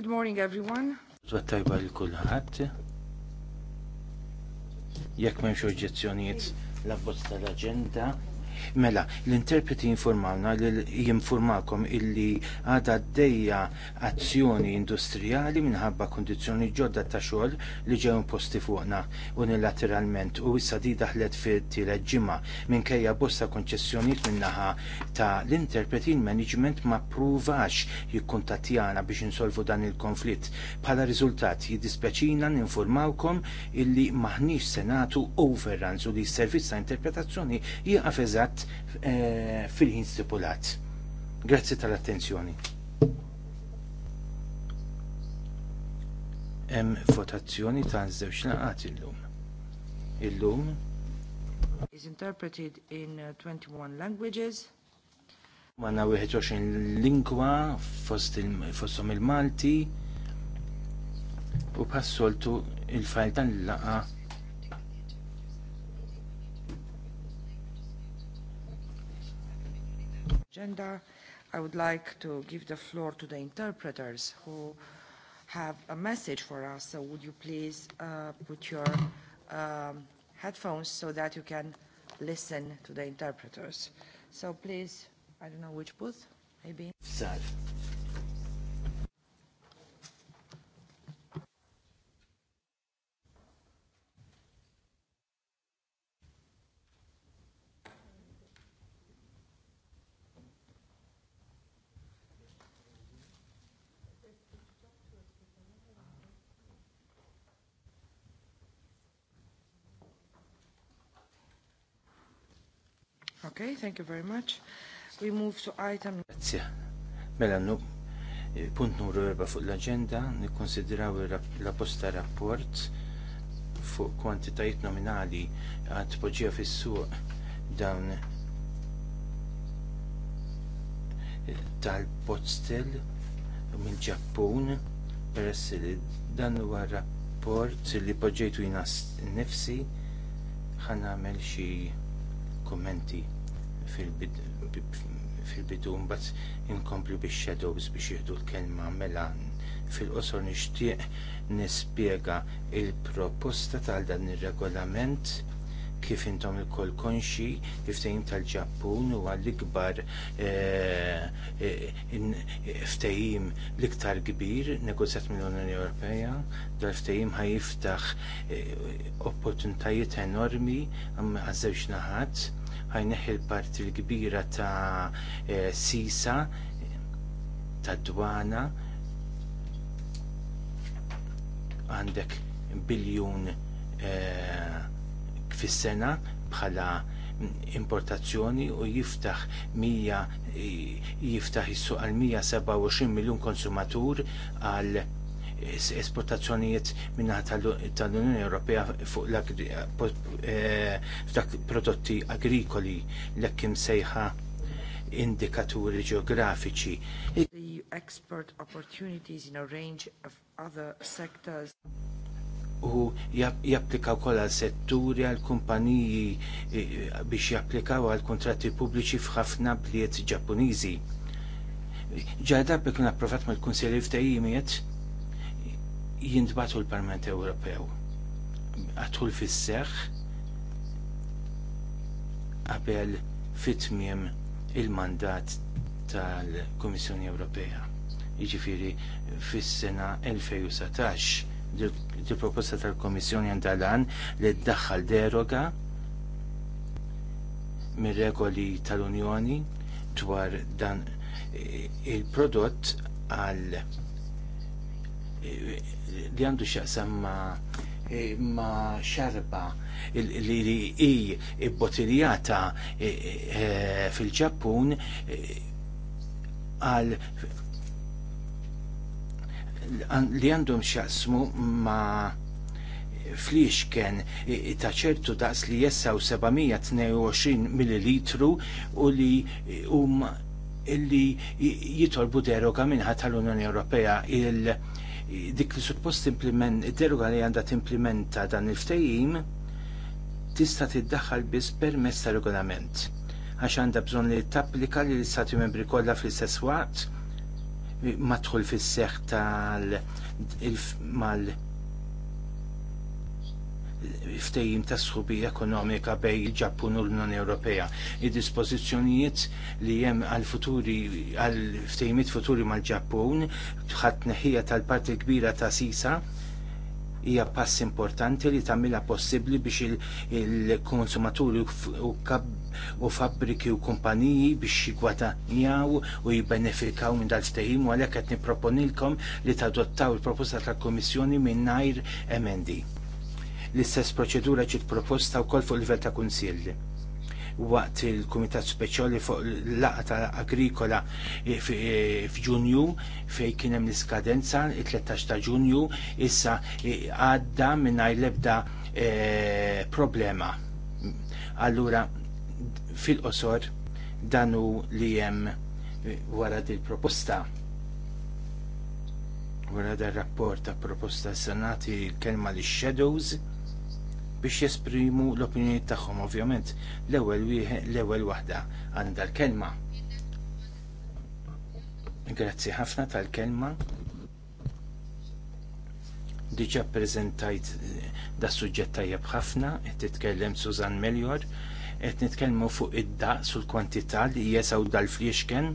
Good morning everyone. Tajba li kulħadd. Jekk m'hemmx oġġezzjonijiet l-abbozz tal-aġenda Mela, l-interpreti informalna li jinformakom illi għada d-dejja azzjoni industrijali minħabba kondizjoni ġodda ta' xogħol li ġew imposti fuqna unilateralment u issa di daħlet fit-tielet ġimgħa minkejja bosta konċessjonijiet minnaħa ta' l-interpreti management ma pruvax jikkuntattjana biex insolvu dan il-konflitt. Bħala riżultat jiddispjaċina ninformawkom illi maħniex senatu overruns u li s-servizz ta' interpretazzjoni jieqaf kulħadd eh, fil-ħin stipulat. Grazzi tal-attenzjoni. Hemm votazzjoni ta' żewġ laqat illum. Illum is interpreted in 21 uh, languages. Għanna 21 lingwa fostom il-Malti u passoltu il-fajl tal-laqa agenda. I would like to give the floor to the interpreters who have a message for us. So would you please uh, put your um, headphones so that you can listen to the interpreters. So please, I don't know which booth, maybe. Sad. Okay, thank you very much. We move to item... Grazie. Mela, nu, eh, punt numru erba fuq l-agenda, nikkonsidraw l-apposta rapport fuq kwantitajiet nominali għad poġija fis-suq dawn eh, tal-postel mill-Ġappun per li dan huwa rapport li poġġejtu jina nifsi għamel xi kummenti fil-bidu mbazz inkomplu biex shadows biex jieħdu l-kelma mela fil-qosor nixtieq nispjega il-proposta tal dan ir-regolament kif intom il konxi il-ftejim tal-ġappun huwa l-ikbar eh, eh, l-iktar kbir negozjat mill-Unjoni Ewropea dal ftehim ħajiftaħ eh, opportunitajiet enormi għaż naħat ħajneħi l-parti l-kbira ta' eh, sisa ta' dwana għandek biljun kfissena eh, bħala importazzjoni u jiftaħ jiftaħ is-suq għal 127 miljun konsumatur għal esportazzjonijiet minna tal-Unjoni Ewropea fuq l-ak prodotti agrikoli l-ekkim sejħa indikaturi ġeografiċi. The export opportunities in a range of other sectors u japplikaw għal setturi għal kumpaniji biex japplikaw għal kontratti pubbliċi f'ħafna bliet ġappuniżi. Ġadab kun approvat mal-Kunsilli f'tejjimiet jintbatu l-Parlament Ewropew għatul fis-seħ qabel fit-tmiem il-mandat tal-Kummissjoni Ewropea. Iġifiri, fis-sena 2017 di proposta tal-Kummissjoni għandalan li ddaħħal deroga mir-regoli tal-Unjoni dwar dan eh, il-prodott għal li għandu xaqsam ma eh, ma xarba li li i bottiljata eh, eh, fil-Ġappun għal li għandhom xaqsmu ma fliexken ta' ċertu daqs li jessaw 722 millilitru u li um illi jitolbu deroga minħa tal-Unjoni Ewropea il- dik li suppost implement id deruga li għandha timplementa dan il-ftehim tista' tiddaħħal biss permezz ta' regolament għax għandha bżonn li tapplika li l-Istati Membri kollha fl-istess waqt ma tħul fis-seħħ tal mal ftejim ta' sħubi ekonomika bej il-Ġappun u l-Unjoni Ewropea. Id-dispożizzjonijiet li hemm għal-futuri għal-ftejimiet futuri mal-Ġappun ħat neħija tal-parti kbira ta' sisa hija pass importanti li tagħmilha possibbli biex il-konsumaturi u fabbriki u kumpaniji biex jigwadanjaw u jibbenefikaw minn dal-ftehim u għalhekk qed nipproponilkom li tadottaw il-proposta tal-Kummissjoni mingħajr MND. L-istess proċedura ġiet proposta wkoll fuq livell ta' kunsill waqt il-Kumitat Speċjali fuq l-laqa ta' agrikola f'Ġunju fej kien hemm l-iskadenza il-13 ta' Ġunju issa għadda mingħajr l-ebda e, problema. Allura fil-qosor danu li hemm e, wara il proposta wara dar rapport ta' proposta senati kelma li shadows biex jesprimu l-opinjoni tagħhom ovvjament. L-ewwel l-ewwel waħda għandha l-kelma. Grazzi ħafna tal-kelma. Diġa prezentajt eh, da suġġett tajjeb ħafna, qed titkellem Susan Melior, qed nitkellmu fuq id-daqs sul kwantità li jesaw dal-fliexken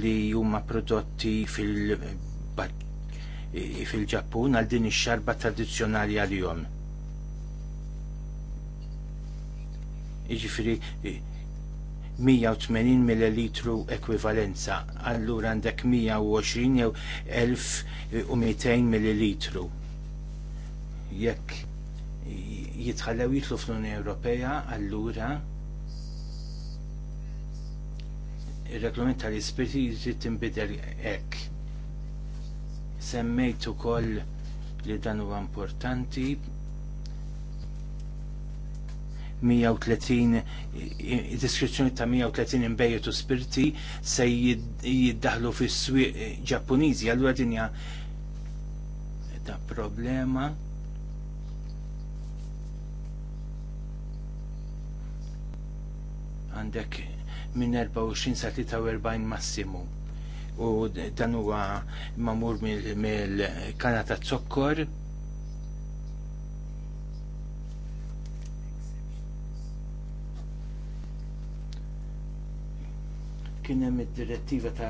li huma prodotti eh, fil-ġappun fil għal din ix-xarba tradizzjonali għal-jom jiġifieri 180 ml ekvivalenza, allura għandek 120 jew 1200 ml. Jekk eh, jitħallew jitlu fl-Unjoni Ewropea, allura ir-reglament tal-ispirti jrid tinbidel hekk. Semmejt ukoll li dan huwa importanti 130 diskrizzjoni ta' 130 imbejjetu spirti se jiddaħlu fis swiq Ġappuniżi, allura dinja ta' problema. Għandek minn 24 sa 43 massimu u dan huwa mamur mill-kana ta' zokkor kien hemm id-direttiva ta'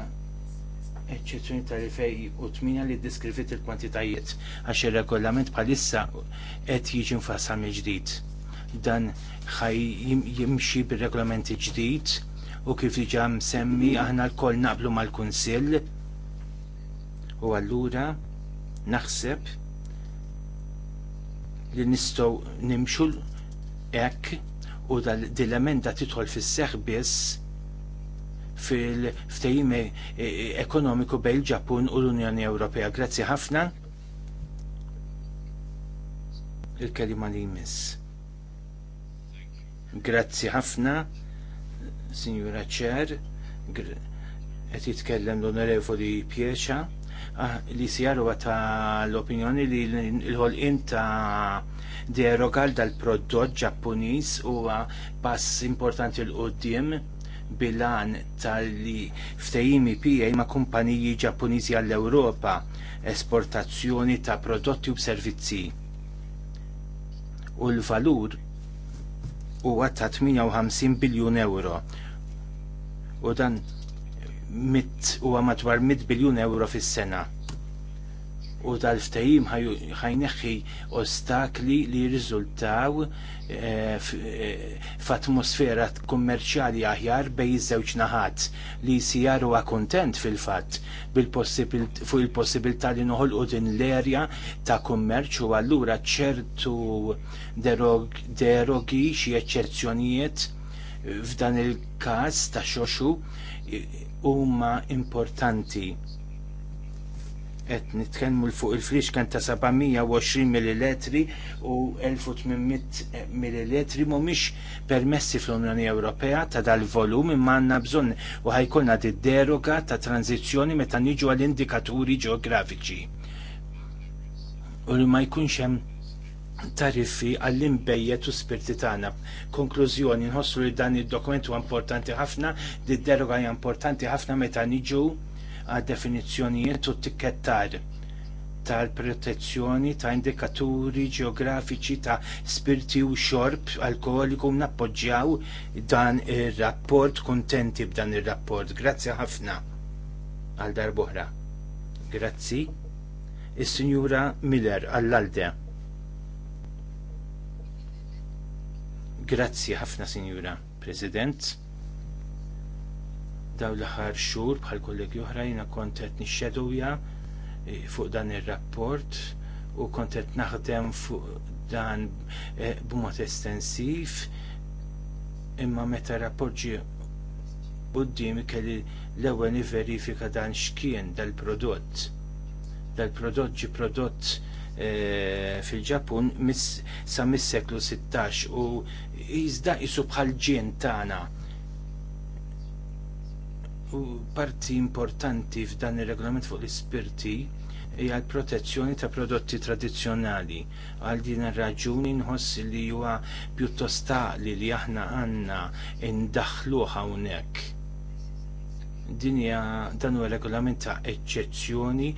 eċċezzjoni tal-2008 li ddiskrivit il-kwantitajiet għax ir-regolament bħalissa qed jiġi mfassal il ġdid Dan ħaj jimxi bir-regolamenti ġdid u kif diġà msemmi aħna lkoll naqblu mal-Kunsill u allura naħseb li nistgħu nimxu hekk u dil-emenda titħol fis-seħħ biss fil-ftejime eh, eh, ekonomiku bejn ġapun u l-Unjoni Ewropea. Grazzi ħafna. Il-kelima li jmiss. Grazzi ħafna, Signora Ċer, qed jitkellem l-Onorevoli Pieċa ah, li sjaru ta' l-opinjoni li l-ħolqin ta' derogal dal-prodott ġappuniż huwa pass importanti l-qoddim bilan tal-li ftejimi pijaj ma' kumpaniji ġappuniżi għall-Ewropa esportazzjoni ta' prodotti u servizzi. U l-valur huwa ta' 58 biljun euro. U dan mit huwa madwar 100 biljun euro fis-sena u tal ftajim ħajneħħi ostakli li jirriżultaw eh, eh, f'atmosfera kummerċjali aħjar bej iż-żewġ naħat li sijar huwa kuntent fil-fatt fuq il-possibilità li noħolqu din l-erja ta' kummerċ u allura ċertu derogi xi eċċerzjonijiet f'dan il-każ ta' xoxu eh, huma importanti qed nitkellmu fuq il kan ta' 720 ml u 1800 ml mhumiex permessi fl-Unjoni Ewropea ta' dal-volum imma għandna bżonn u ħajkolna deroga ta' tranzizzjoni meta niġu għal indikaturi ġeografiċi. U li ma jkunx hemm tariffi għall-imbejjet u spirti tagħna. Konklużjoni nħossu li dan id-dokument huwa importanti ħafna, di deroga hija importanti ħafna meta niġu għad definizzjonijiet u t-tikkettar tal-protezzjoni ta' indikaturi ġeografiċi ta' spirti u xorb alkoholiku nappoġġjaw dan ir-rapport kuntenti b'dan ir-rapport. Grazzi ħafna għal darbohra. Grazzi. Is-Sinjura Miller għall-Alde. Grazzi ħafna, Sinjura President daw l-aħħar xhur bħal kollegi oħra jiena kont qed eh, fuq dan ir-rapport u kont qed naħdem fuq dan eh, b'mod estensiv imma meta rapport ġie quddiem kelli l-ewwel verifika dan x'kien dal-prodott. Dal-prodott ġi prodott eh, fil-Ġapun sa mis-seklu 16 u jizda isu bħal ġien tagħna u parti importanti f'dan ir-regolament fuq l-ispirti hija l-protezzjoni ta' prodotti tradizzjonali. Għal din ir-raġuni nħoss li huwa pjuttost taqli li aħna għandna indaħluh hawnhekk. Din hija dan huwa regolament ta' eċċezzjoni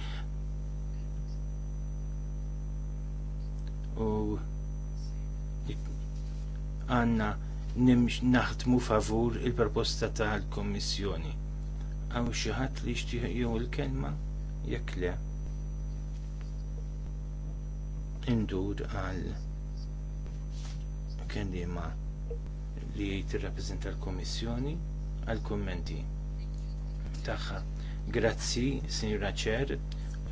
u għanna naħdmu favur il-proposta tal-Kommissjoni. Għaw xaħat li jishtiq jew il-kelma? Jekk le. Indur għal kendima li jgħid rappresenta l-Komissjoni għal kummenti tagħha. Grazzi, Sinjura Ċer,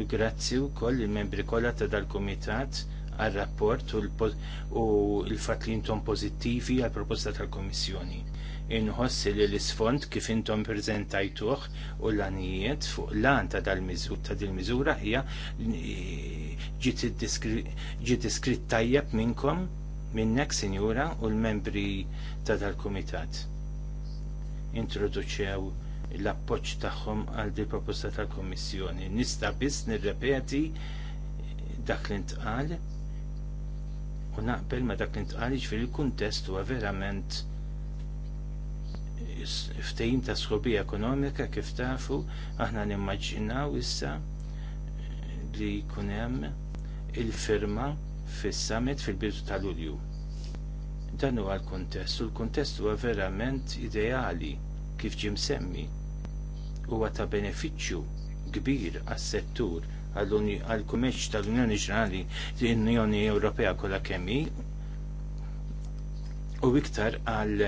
u grazzi wkoll il-membri kollha ta' dal-Kumitat għal rapport u l-fat li jintom pozittivi għal proposta tal-Komissjoni inħossi li l-isfond kif intom prezentajtuħ u l-anijiet fuq l-an ta' dal-mizur ta' dil-mizura hija ġiet diskrit tajjeb minnkom minnek sinjura u l-membri ta' dal-kumitat. Introduċew l-appoċ tagħhom għal di proposta tal-Kommissjoni. Nista' biss nirrepeti dak li ntqal u naqbel ma dak li ntqal ġifieri il-kuntest huwa verament ftehim ta' skobija ekonomika kif tafu aħna nimmaġinaw issa eh, li jkun hemm il-firma fis-summit fil-bidu ta' Lulju. Dan huwa l-kuntest u l-kuntest huwa verament ideali kif ġim semmi huwa ta' benefiċċju kbir għas-settur għall-kummerċ tal-Unjoni Ġenerali l-Unjoni Ewropea kollha kemm u iktar għal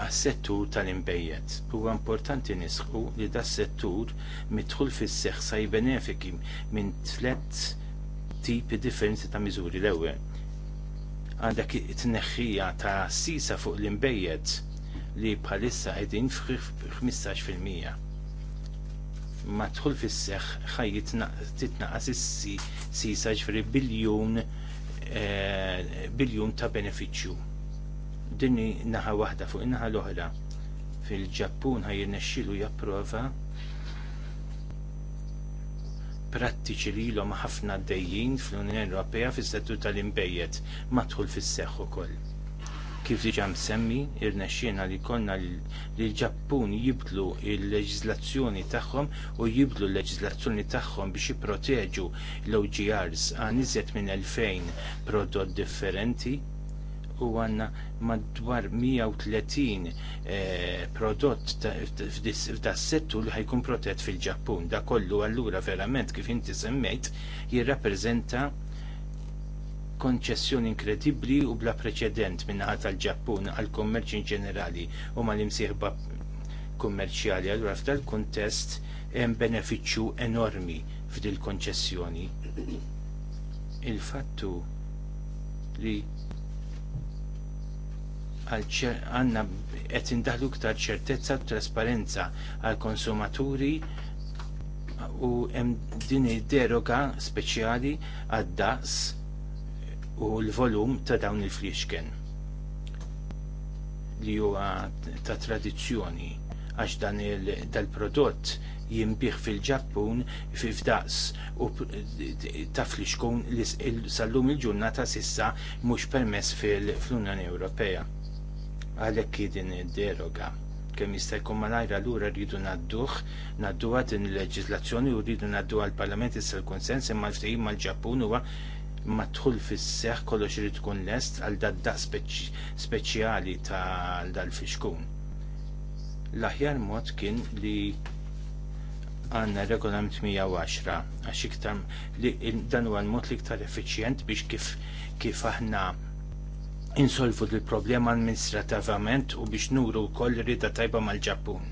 għas-settur tal-imbejjed. Huwa importanti nisħu li da settur mitħul fis-seħħ sa jbenefiki minn tliet tipi differenti ta' miżuri l-ewwel. Għandek it-tneħħija ta' sisa fuq l-imbejjed li bħalissa qegħdin fil-mija ma tħul fis-seħħ ħaj titnaqas is-sisa ġifieri biljun eh, biljun ta' benefiċċju dinni naħa waħda fuq naħa l-oħra fil-Ġappun ħaj jirnexxilu japprova prattiċi li l ħafna dejjin fl-Unjoni Ewropea fis-settur tal-imbejjed madħul fis-seħħ ukoll. Kif diġà msemmi, irnexxiena li konna li l-Ġappun jibdlu il-leġizlazzjoni tagħhom u jibdlu l-leġizlazzjoni tagħhom biex jipproteġu l-OGRs għan iżjed minn 2000 prodott differenti u għanna madwar 130 eh, prodott fdas settu li ħajkun protett fil-Ġappun. Da kollu allura verament kif inti semmejt jirrappreżenta konċessjoni inkredibbli u bla preċedent minnaħa tal-Ġappun għal kommerċ in ġenerali u mal imsieħba kummerċjali. Allura f'dal kuntest hemm benefiċċju enormi f'dil konċessjoni. Il-fattu li għanna qed indaħlu ktar ċertezza u trasparenza għal konsumaturi u hemm din id-deroga speċjali għad-daqs u l-volum ta' dawn il-fliexken li huwa ta' tradizzjoni għax dan il-prodott jimbiħ fil-ġappun f'daqs u ta' fliexkun li sallum il-ġurnata sissa mhux permess fil-Unjoni Ewropea għalhekk kiedin id-deroga kemm jista' jkun malajra lura rridu nadduh nadduha din il leġizlazzjoni u rridu naddu l-Parlament issa l-konsens imma l-ftehim mal-Ġappun huwa ma tħul fis-seħ kollox irid tkun lest għal daddaq speċjali ta' dal-fixkun. L-aħjar mod kien li għanna regolament 110 għax iktar li dan huwa l-mod li iktar effiċjent biex kif kif aħna insolvu l problema amministrativament u biex nuru wkoll rida tajba mal-Ġappun.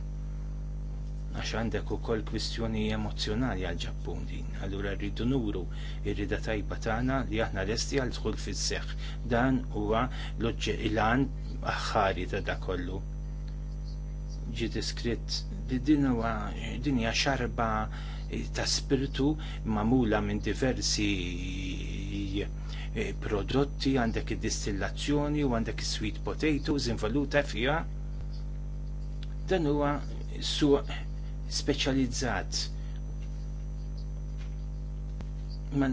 Għax għandek ukoll kwistjoni emozjonali għal-Ġappun din, allura rridu nuru rida tajba tagħna li aħna resti għal dħul fil seħ Dan huwa l-għan aħħari ta' da kollu. Ġi diskritt li din huwa din hija xarba ta' spiritu mamula minn diversi E, prodotti, għandek il distillazzjoni u għandek is-sweet potatoes involuta fiha. Dan huwa suq speċjalizzat. Man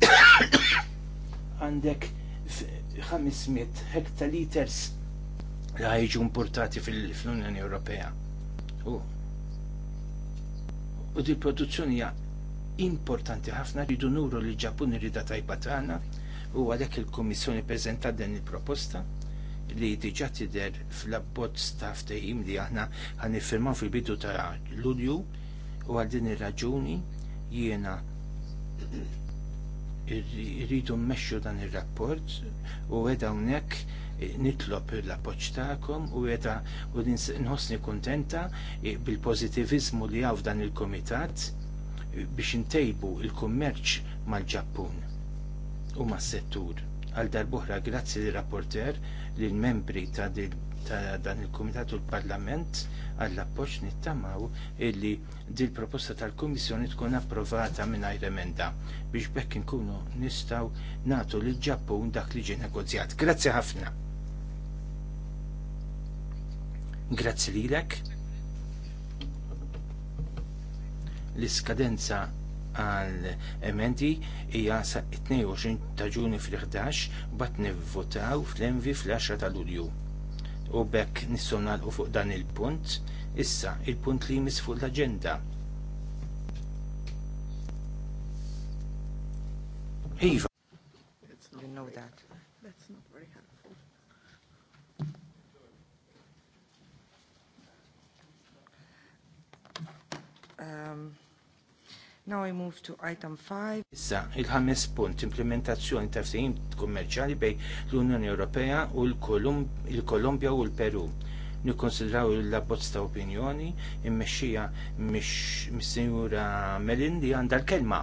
għandek 500 hektaliters li ħajġu importati fil-Unjoni Ewropea. u di produzzjoni importanti ħafna rridu nuru li ġapun irrida tajba tagħna u għalhekk il-Kummissjoni preżentat din il-proposta li diġà tidher fl-abbozz ta' ftehim li aħna ħanifirmaw fil-bidu ta' Lulju u għal din ir-raġuni jiena rridu mmexxu dan ir-rapport u weda hawnhekk nitlob l appoġġ tagħkom u weda u nħossni kuntenta bil pożittiviżmu li għaw dan il-komitat biex intejbu il-kummerċ mal-Ġappun u mas-settur. Għal darbohra grazzi li rapporter li l-membri ta' dan il-Kumitat u l-Parlament għall appoġġ nittamaw illi dil proposta tal-Kummissjoni tkun approvata mingħajr emenda biex bekk inkunu nistgħu nagħtu lill ġappun dak li ġie negozjat. Grazzi ħafna. Grazzi lilek l-iskadenza għal emendi hija sa 22 ta' ġuni fl-11 bat nivvotaw fl-envi fl-10 ta' Lulju. U bekk nissonal u fuq dan il-punt, issa il-punt li jmiss fuq l-agenda. Iva. Um, Now I move to item 5. Issa, il-ħames punt, implementazzjoni ta' ftehim kummerċjali bejn l-Unjoni Ewropea u l-Kolombja u l-Peru. Nikkonsidraw l-abbozz ta' opinjoni immexxija mis-Sinjura Melindi għandha l-kelma.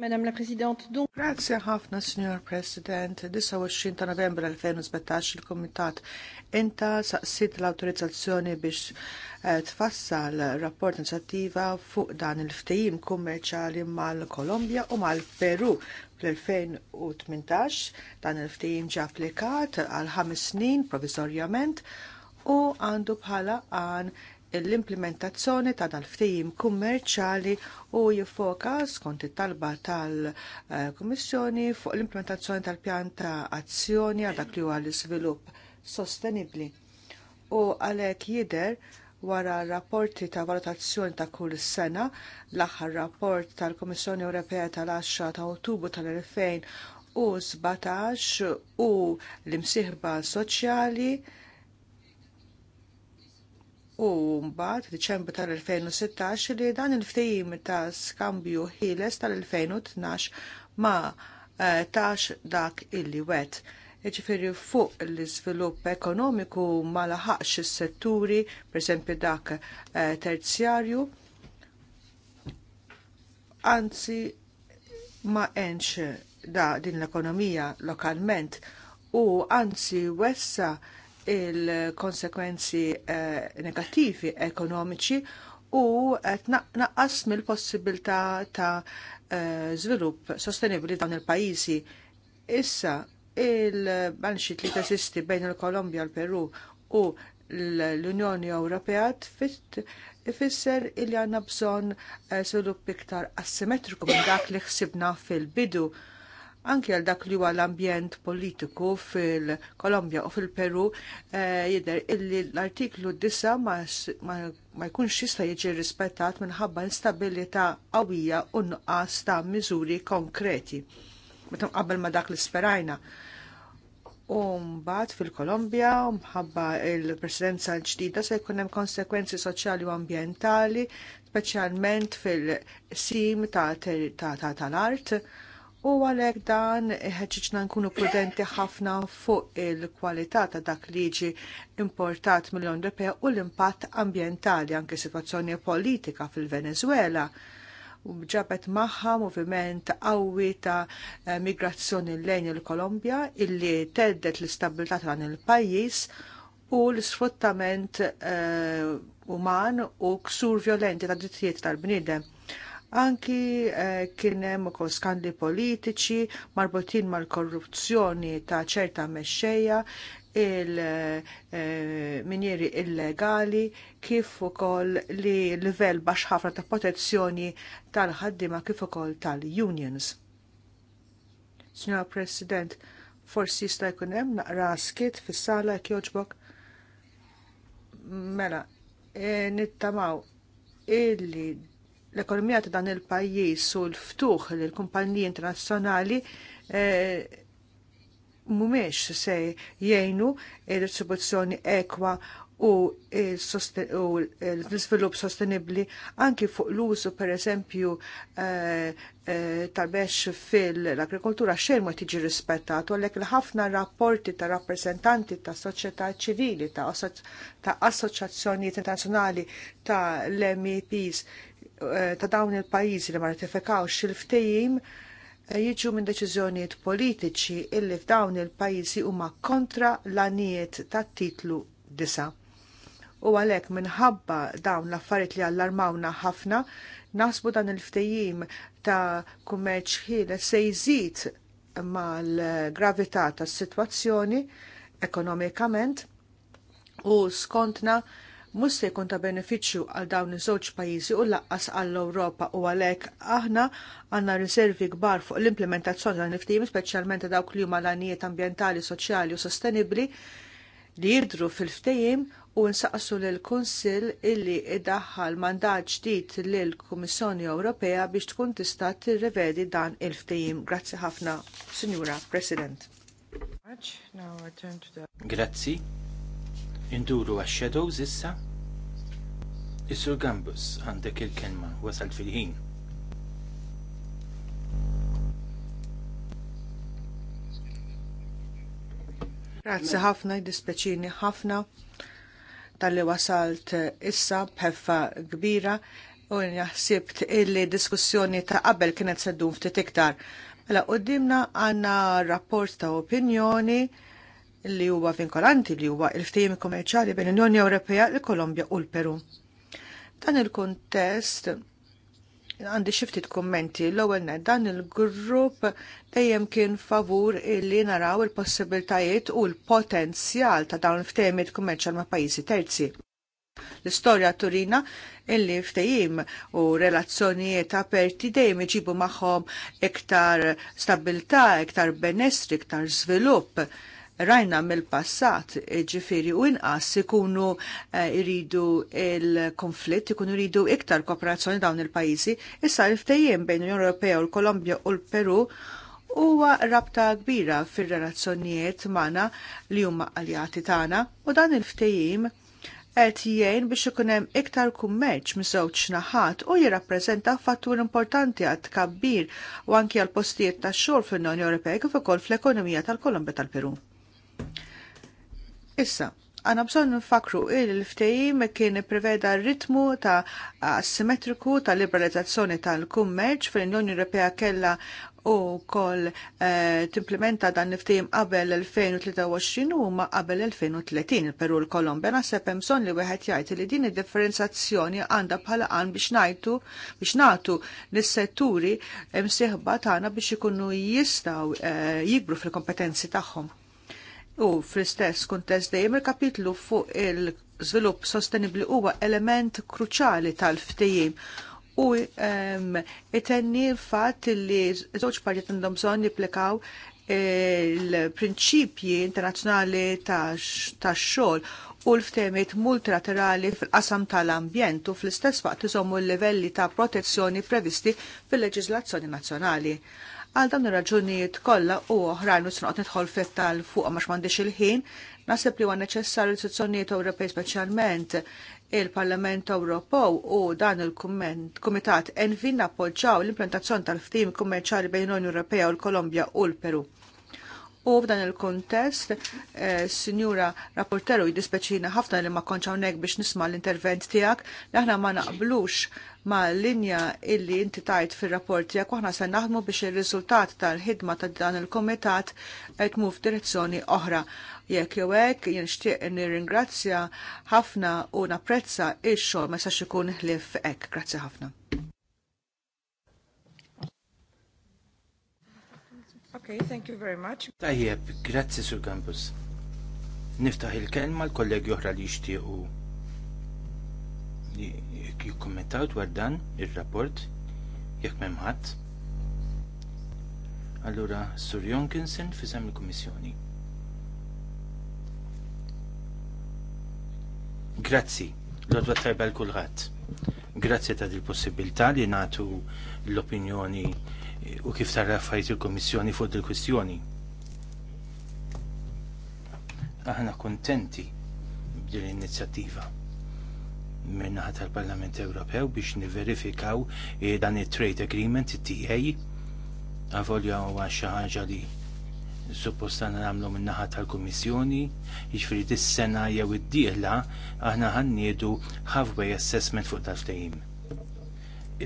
Madam la President, donc... Grazie ħafna, Signor President. 29 ta' novembru 2017 il-Komitat enta saqsit l-autorizzazzjoni biex eh, tfassal rapport inizjattiva fuq dan il-ftehim kummerċali mal kolombia u mal-Peru fl-2018 dan il-ftehim ġa applikat għal ħames snin provizorjament u għandu bħala għan l-implementazzjoni ta' dal-ftejim kummerċali u jifoka skont it-talba tal-Kummissjoni fuq l-implementazzjoni tal-pjan ta' azzjoni għal dak li huwa l-iżvilupp sostenibbli. U għalhekk jidher wara rapporti ta' valutazzjoni ta' kull sena, l-aħħar rapport tal-Kummissjoni Ewropea tal-10 ta' Ottubru tal-2017 u l-imsieħba soċjali u mbagħad f'Diċembru tal-2016 li dan il-ftehim ta' skambju ħieles tal-2012 ma eh, tax dak illi wet. Iġifieri fuq l-iżvilupp ekonomiku ma laħaqx is-setturi, pereżempju dak eh, terzjarju, anzi ma enx da din l-ekonomija lokalment u anzi wessa il-konsekwenzi eh, negattivi ekonomiċi u qed naqqas mill-possibilità ta' eh, żvilupp sostenibbli dawn il-pajjiżi. Issa il-banxit li teżisti bejn il-Kolombja u l-Peru u l-Unjoni Ewropea tfitt ifisser il għandna bżonn eh, żvilupp iktar asimetriku minn dak li ħsibna fil-bidu anke għal dak li huwa l-ambjent politiku fil-Kolombja u fil-Peru eh, jidher illi l-artiklu 9 ma jkunx jista' jiġi rispettat minħabba instabilità qawwija u nuqqas ta' miżuri konkreti. Meta qabel ma dak li sperajna. U mbagħad fil-Kolombja mħabba il-presidenza l-ġdida se jkun hemm konsekwenzi soċjali u ambjentali, speċjalment fil-sim tal-art. Ta ta ta U għalhekk dan ħeċiċna nkunu prudenti ħafna fuq il-kwalità ta' dak li jiġi importat mill-Unjoni Ewropea u l-impatt ambjentali anke situazzjoni politika fil-Venezuela u bġabet maħħa moviment qawwi ta' eh, migrazzjoni lejn il-Kolombja illi teddet l-istabilità ta' il-pajjiż u l-sfruttament uh, uman u ksur violenti ta' drittijiet tal-bniedem Anki eh, kien hemm ukoll skandli politiċi marbutin mal-korruzzjoni ta' ċerta mexxejja il-minjeri eh, illegali kif ukoll li livell baxx ħafna ta' protezzjoni tal-ħaddiema kif ukoll tal-unions. Signor President, forsi jista' jkun hemm naqra skit fis-sala jogħġbok. Mela, e, nittamaw illi l-ekonomija ta' dan il-pajjiż u l-ftuħ lill kumpanji internazzjonali eh, mhumiex se jgħinu il-distribuzzjoni ekwa u l-svilup sostenibli anki fuq l-użu per eżempju eh, eh, tal-bex fil-agrikoltura xejn ma tiġi rispettat u għalhekk ħafna rapporti ta' rappresentanti ta' soċjetà ċivili ta' assoċjazzjonijiet internazzjonali ta' l-MEPs Eh, ta' dawn il-pajjiżi li ma ratifikawx il-ftehim eh, jiġu minn deċiżjonijiet politiċi illi f'dawn il-pajjiżi huma kontra l-anijiet tat-titlu disa. U għalhekk minħabba dawn l-affarijiet li allarmawna ħafna, nasbu dan il ftehim ta' kummerċ ħile se jżid mal-gravità tas-sitwazzjoni ekonomikament u skontna mhux se jkun ta' benefiċċju għal dawn iż-żewġ pajjiżi u laqqas għall-Ewropa u għalhekk aħna għandna riservi kbar fuq l-implementazzjoni tal niftim speċjalment dawk li huma l-għanijiet ambjentali, soċjali u sostenibbli li jidru fil-ftehim u nsaqsu l kunsill illi iddaħħal mandat ġdid lill kummissjoni Ewropea biex tkun tista' tirrevedi dan il-ftehim. Grazzi ħafna, Sinjura President. Grazzi. Induru għax-shadows issa. is Gambus għandek il-kelma wasal fil-ħin. Grazzi ħafna, dispeċini ħafna tal-li wasalt issa bħeffa kbira u jaħsibt li diskussjoni ta' qabel kienet seddum ftit iktar. Mela, qoddimna għanna rapport ta' opinjoni li huwa vinkolanti li huwa il-ftehim kommerċjali bejn l-Unjoni Ewropea, il-Kolombja u l-Peru. Dan il-kuntest għandi xiftit kummenti l-ewwel net dan il-grupp dejjem kien favur li naraw il-possibiltajiet u l-potenzjal ta' dawn il-ftehimiet kummerċjal ma' pajjiżi terzi. L-istorja turina illi ftehim u relazzjonijiet aperti dejjem iġibu magħhom iktar stabilità, iktar benestri, iktar żvilupp rajna mill-passat ġifiri u inqas ikunu eh, iridu il-konflitt, ikunu iridu iktar kooperazzjoni dawn il-pajjiżi. Issa l-ftejjien bejn l-Unjoni Ewropea u l-Kolombja u l-Peru huwa rabta kbira fir-relazzjonijiet magħna li huma aljati tagħna u dan il-ftehim qed jgħin biex ikun hemm iktar kummerċ miż-żewġ naħat u jirrappreżenta fattur importanti għat tkabbir u anki għal postijiet tax-xogħol fin-Unjoni Ewropea kif ukoll fl-ekonomija tal-Kolombja tal-Peru. Issa, għana bżon nfakru il-ftejim kien preveda ritmu ta' asimetriku ta' liberalizzazzjoni tal-kummerċ fil-Unjoni Ewropea kella u kol e, eh, timplementa dan niftejim qabel 2023 u ma qabel 2030 il-Peru l kolombia naħseb hemm bżonn li wieħed jajt li din id-differenzjazzjoni għandha bħala għan biex ngħidu biex nagħtu nis setturi msieħba tagħna biex ikunu jistgħu e, eh, jikbru fil-kompetenzi tagħhom. U fl-istess kuntest dejjem il-kapitlu fuq il-żvilupp sostenibbli huwa element kruċali tal-ftehim u um, ehm, itenni fatt li żewġ partijiet għandhom bżonn jipplikaw il-prinċipji internazzjonali tax ta xogħol u l-ftemiet multilaterali fil-qasam tal-ambjent u fl-istess waqt iżommu l-livelli ta' protezzjoni previsti fil-leġiżlazzjoni nazzjonali. Għal dawn ir-raġunijiet kollha u oħrajn u s-noqgħod nidħol fit tal-fuq għax m'għandix il-ħin, naħseb li huwa neċessarju l-istituzzjonijiet Ewropej speċjalment il-Parlament Ewropew u dan il-Kumitat Envi nappoġġaw l implantazzjoni tal-ftim kummerċjali bejn l-Unjoni Ewropea u l-Kolombja u l-Peru U f'dan il-kontest, eh, sinjura rapporteru jidispeċina ħafna li ma konċ hawnhekk biex nisma' l-intervent tiegħek li aħna ma naqblux ma linja illi inti tajt fir-rapport tijak, u aħna se naħdmu biex ir-riżultat tal-ħidma ta' dan il-komitat tmur f'direzzjoni oħra jekk jew hekk jien nixtieq nirringrazzja ħafna u napprezza x-xogħol ma sax ikun ħlief hekk. Grazzi ħafna. Okay, thank you very much. Tajjeb, grazzi sur Gambus. Niftaħ il-kelma l-kollegi oħra li jixtiequ jikkommentaw dwar dan ir-rapport jekk m'hemm ħadd. Allura Sur Jonkinsen fisem il-Kummissjoni. Grazzi, l-odwa tajba l-kulħadd. Grazzi ta' dil-possibilità li natu l-opinjoni u kif tarraffajt il-Komissjoni fuq il-kwistjoni. Aħna kontenti b'din l-inizjattiva minnaħat tal-Parlament Ewropew biex niverifikaw eh, dan il-Trade Agreement, it-TA, għavolja u xi ħaġa li suppostana namlu minnaħa tal-Komissjoni, jiġifieri dis-sena jew id-dieħla aħna ħanniedu halfway assessment fuq tal-ftehim.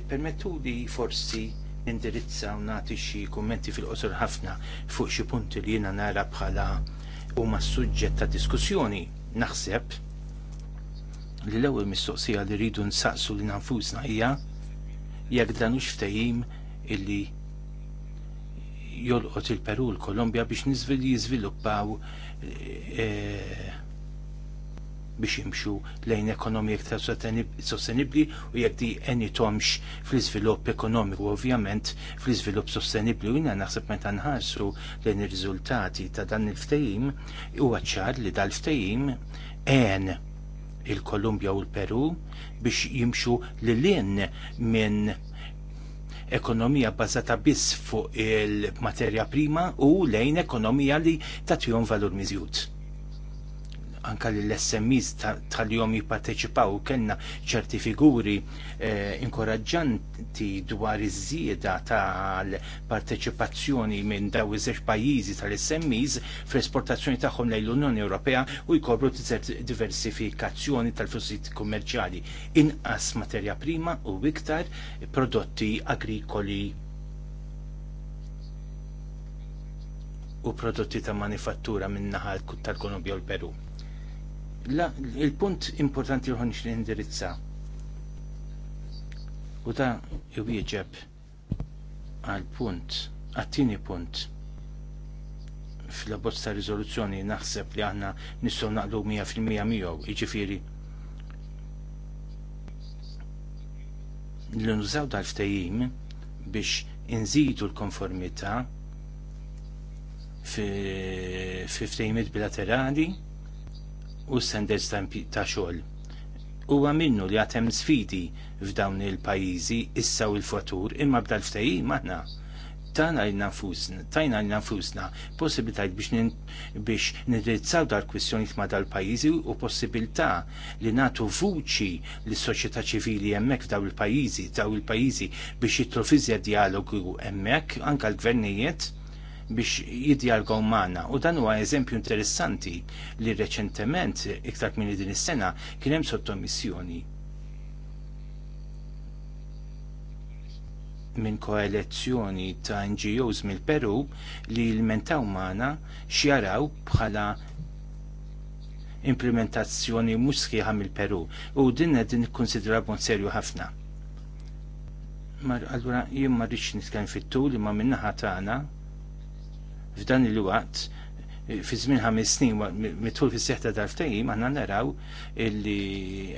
Ippermettu li forsi indirizza u nagħti xi kummenti fil-qosor ħafna fuq xi punti li jiena nara bħala huma suġġett ta' diskussjoni. Naħseb li l-ewwel mistoqsija li rridu nsaqsu li nanfusna hija jekk dan hux ftehim illi jolqot il-Peru l-Kolombja biex jiżviluppaw eh, biex jimxu lejn ekonomija iktar sostenibli u jekk di eni tomx fl-iżvilupp ekonomiku ovvjament fl-iżvilupp sostenibli u jina naħseb meta nħarsu lejn ir-riżultati ta' dan il-ftehim huwa ċar li dal ftajim għen il-Kolumbja u l-Peru biex jimxu l lin minn ekonomija bazzata biss fuq il-materja prima u lejn ekonomija li tatjon valur miżjud anka li l-SMEs tal-jom jipparteċipaw kellna ċerti figuri eh, inkoraġġanti dwar iż-żieda tal-parteċipazzjoni minn daw iż pajjiżi tal-SMEs fl-esportazzjoni tagħhom lejn l-Unjoni Ewropea u jkopru diversifikazzjoni tal-flussit kummerċjali inqas materja prima u iktar prodotti agrikoli u prodotti ta' manifattura min-naħa tal-Kolumbja u l-Peru il-punt importanti uħon li indirizza u da jwieġeb għal punt għattini punt fil bosta ta' rizoluzzjoni naħseb li aħna nistgħu naqlu 100% miegħu, jiġifieri li nużaw dal-ftehim biex inżidu l-konformità fi ftehimiet bilaterali u standards ta' xogħol. Huwa minnu li għatem sfidi f'dawn il-pajjiżi issa u l fatur imma b'dal ftehim maħna. tana li nafusna, tajna li nafusna possibilitajt biex nidrizzaw dal-kwistjoniet ma dal-pajizi u possibilità li natu vuċi li soċjetà ċivili hemmhekk f'daw il-pajizi, daw il-pajizi biex jitrofizja dialogu hemmhekk anka l-gvernijiet, biex jidjalgaw maħna. U dan huwa eżempju interessanti li reċentement iktar minn din is-sena kien hemm sottomissjoni minn koalizzjoni ta' NGOs mill-Peru li jilmentaw maħna xjaraw bħala implementazzjoni mhux sħiħa mill-Peru u din konsidra nikkonsidra serju ħafna. Mar allura jien ma rridx fit-tul imma min-naħa tagħna f'dan il-waqt eh, fi żmien ħames snin mitul fis-seħta tal-ftehim aħna naraw li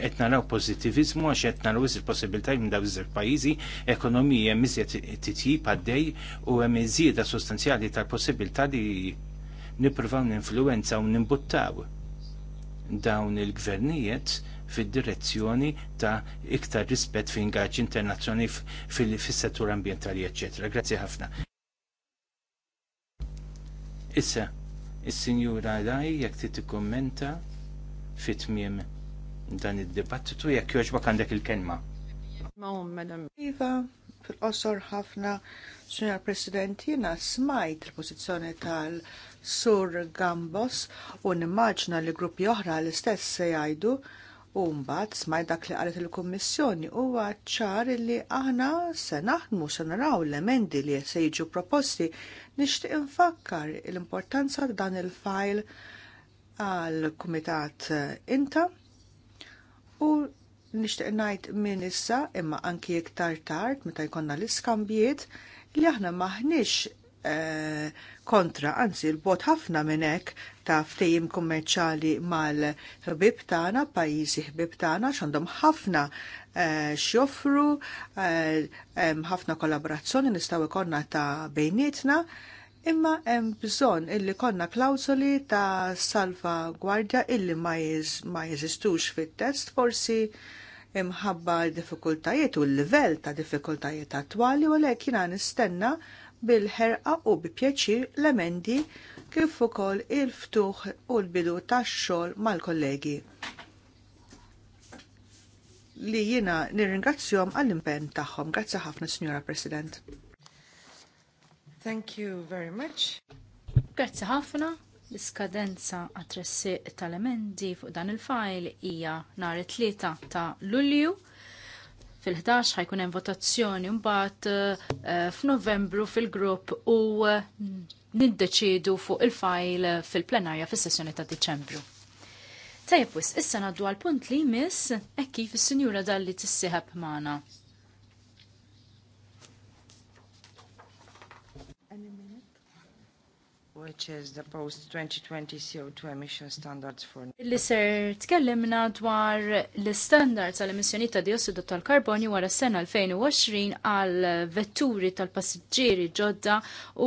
qed naraw pożittiviżmu għax qed naraw is possibilità minn dawn iż pajjiżi ekonomija hemm iżjed titjib għaddej u hemm iżjieda sostanzjali tal-possibilità li nippruvaw ninfluwenza u nimbuttaw dawn il-gvernijiet fid-direzzjoni ta' iktar rispett fi ingaġġ internazzjoni fis-settur ambjentali, eċċetera. Grazzi ħafna. Issa, il sinjura Raj jekk titi tikkummenta fit-tmiem dan id-dibattitu jekk jogħġbok għandek il-kelma. Iva, fil-qosor ħafna, Sinjor President, jiena smajt il-pożizzjoni tal-Sur Gambos u nimmaġna li gruppi oħra l-istess se jgħidu U mbagħad smaj dak li qalet il-Kummissjoni huwa ċar li aħna se naħdmu se naraw l-emendi li se jiġu proposti nixtieq infakkar l-importanza ta' dan il-fajl għal kumitat inta u nixtieq ngħid minn issa imma anki iktar tard meta jkollna l-iskambjiet li aħna maħniex Eh, kontra, anzi l-bot ħafna minn hekk ta' ftejim kummerċali mal-ħbib tagħna, pajjiżi ħbib tagħna x'għandhom ħafna eh, xjoffru, eh, ħafna kollaborazzjoni nistgħu ikonna ta' bejnietna, imma hemm bżonn illi konna klawsoli ta' salva gwardja illi ma jeżistux fit-test forsi imħabba l-diffikultajiet u l-livell ta' diffikultajiet attwali u għalhekk jiena nistenna bil-ħerqa u bi pjaċir l-emendi kif ukoll il-ftuħ u l-bidu tax-xogħol mal-kollegi li jiena nirringrazzjom għall-impenn tagħhom. Grazzi ħafna, Sinjora President. Thank you very much. Grazzi ħafna. L-iskadenza għat-tressiq tal-emendi fuq dan il-fajl hija nhar it-tlieta ta' Lulju fil-11 ħajkun hemm votazzjoni mbagħad eh, f'Novembru fil-grupp u eh, niddeċidu fuq il-fajl fil-plenarja fis-sessjoni ta' Diċembru. Tajjeb wis, issa ngħaddu għal punt li jmiss hekk kif is-sinjura dalli tissieħab magħna. which is the post 2020 CO2 emission standards for Illi ser tkellimna dwar l-standards għal emissjoni ta' diossidu tal-karbonju wara s-sena 2020 għal vetturi tal-passiġġieri ġodda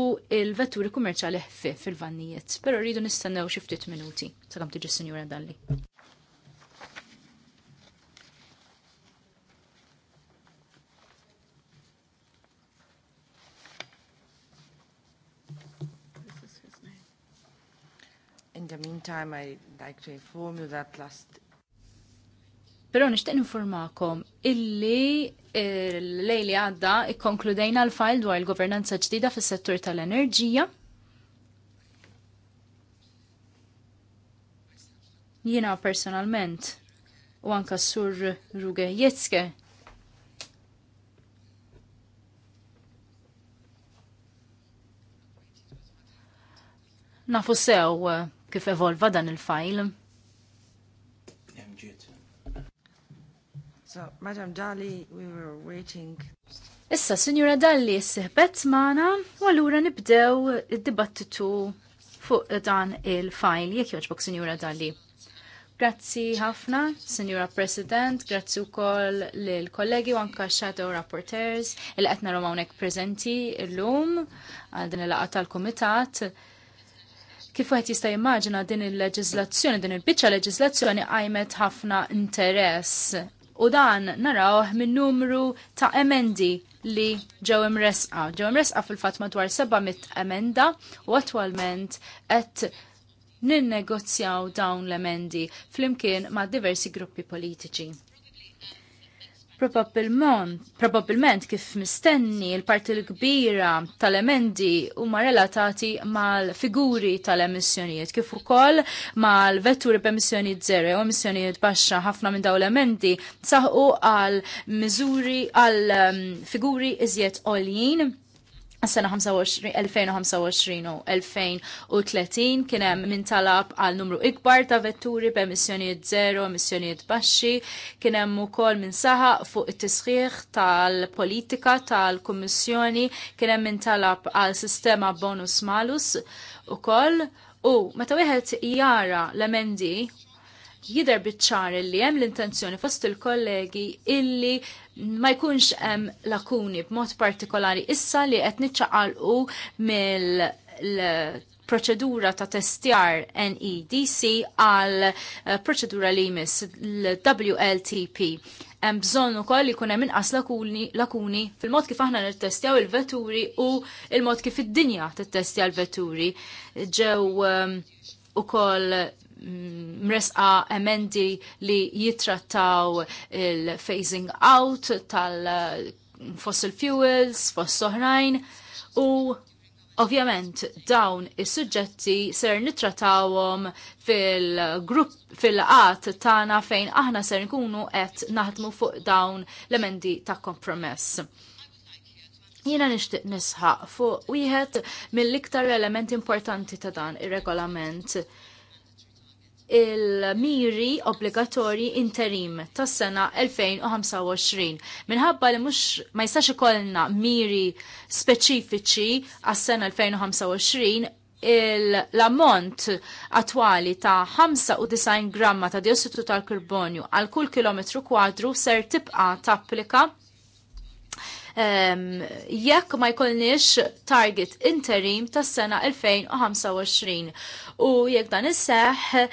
u il-vetturi kummerċali ħfif fil-vannijiet. Però rridu nistennew xi ftit minuti sakemm tiġi Sinjura Dalli. the meantime, I'd like to inform you that last Pero nishtiq informakom illi eh, l-lejli għadda ikkonkludejna l-fajl dwar il-governanza ġdida fis-settur tal-enerġija. Jina personalment u anka sur Ruge Jetzke nafu sew eh, kif evolva dan il-fajl. So, Madam Dali, we were waiting. Issa, Signora Dalli, s-sihbet maħna, u għallura nibdew id-dibattitu fuq dan il-fajl, jek joġbok, Signora Dalli. Grazzi ħafna, Signora President, grazzi u koll l-kollegi u anka Shadow Rapporteurs, il-etna l-għonek prezenti l-lum għal din il laqqa tal-komitat. Kif wieħed jista' jimmaġina din il leġislazzjoni din il bicċa leġislazzjoni għajmet ħafna interess. U dan narawh minn numru ta' emendi li ġew imresqa. Ġew imresqa fil-fatt madwar 700 emenda u attualment qed ninnegozjaw dawn l-emendi flimkien ma' diversi gruppi politiċi. Probabilment kif mistenni l-parti l-kbira tal-emendi huma relatati mal-figuri tal-emissjonijiet kif ukoll mal-vetturi b'emissjonijiet zero u emissjonijiet baxxa ħafna minn dawn l-emendi saħqu għal miżuri għal um, figuri iżjed għoljin Sena 2025 u 2030 kien hemm min talab għal numru ikbar ta' vetturi b'emissjonijiet zero, emissjonijiet baxxi, kien hemm ukoll min saħa fuq it-tisħiħ tal-politika tal-Kummissjoni, kien hemm min talab għal sistema bonus malus ukoll. U meta wieħed jara l-emendi jider bitċar li hemm l-intenzjoni fost il-kollegi illi ma jkunx hemm lakuni b'mod partikolari issa li qed niċċaqalqu mill proċedura ta' testjar NEDC għal eh, proċedura li jmiss l-WLTP. Hemm bżonn ukoll jkun hemm inqas lakuni, lakuni fil-mod kif aħna nittestjaw il-vetturi u il-mod kif id-dinja tittestja l-vetturi ġew eh, ukoll mresqa emendi li jitrattaw il-phasing out tal-fossil fuels, fossil oħrajn, u Ovvjament, dawn is-suġġetti ser nitratawhom fil-grupp fil-qat tagħna fejn aħna ser nkunu qed naħdmu fuq dawn l-emendi ta' kompromess. Jiena nixtieq nisħaq fuq wieħed mill-iktar elementi importanti ta' dan ir-regolament il-miri obbligatorji interim tas sena 2025. Minħabba li mux ma jistax ikollna miri speċifiċi għas sena 2025, l-ammont attwali ta' 95 gramma ta' diossidu tal-karbonju għal kull kilometru kwadru ser tibqa tapplika applika jekk ma jkollniex target interim tas sena 2025. U jekk dan is-seħħ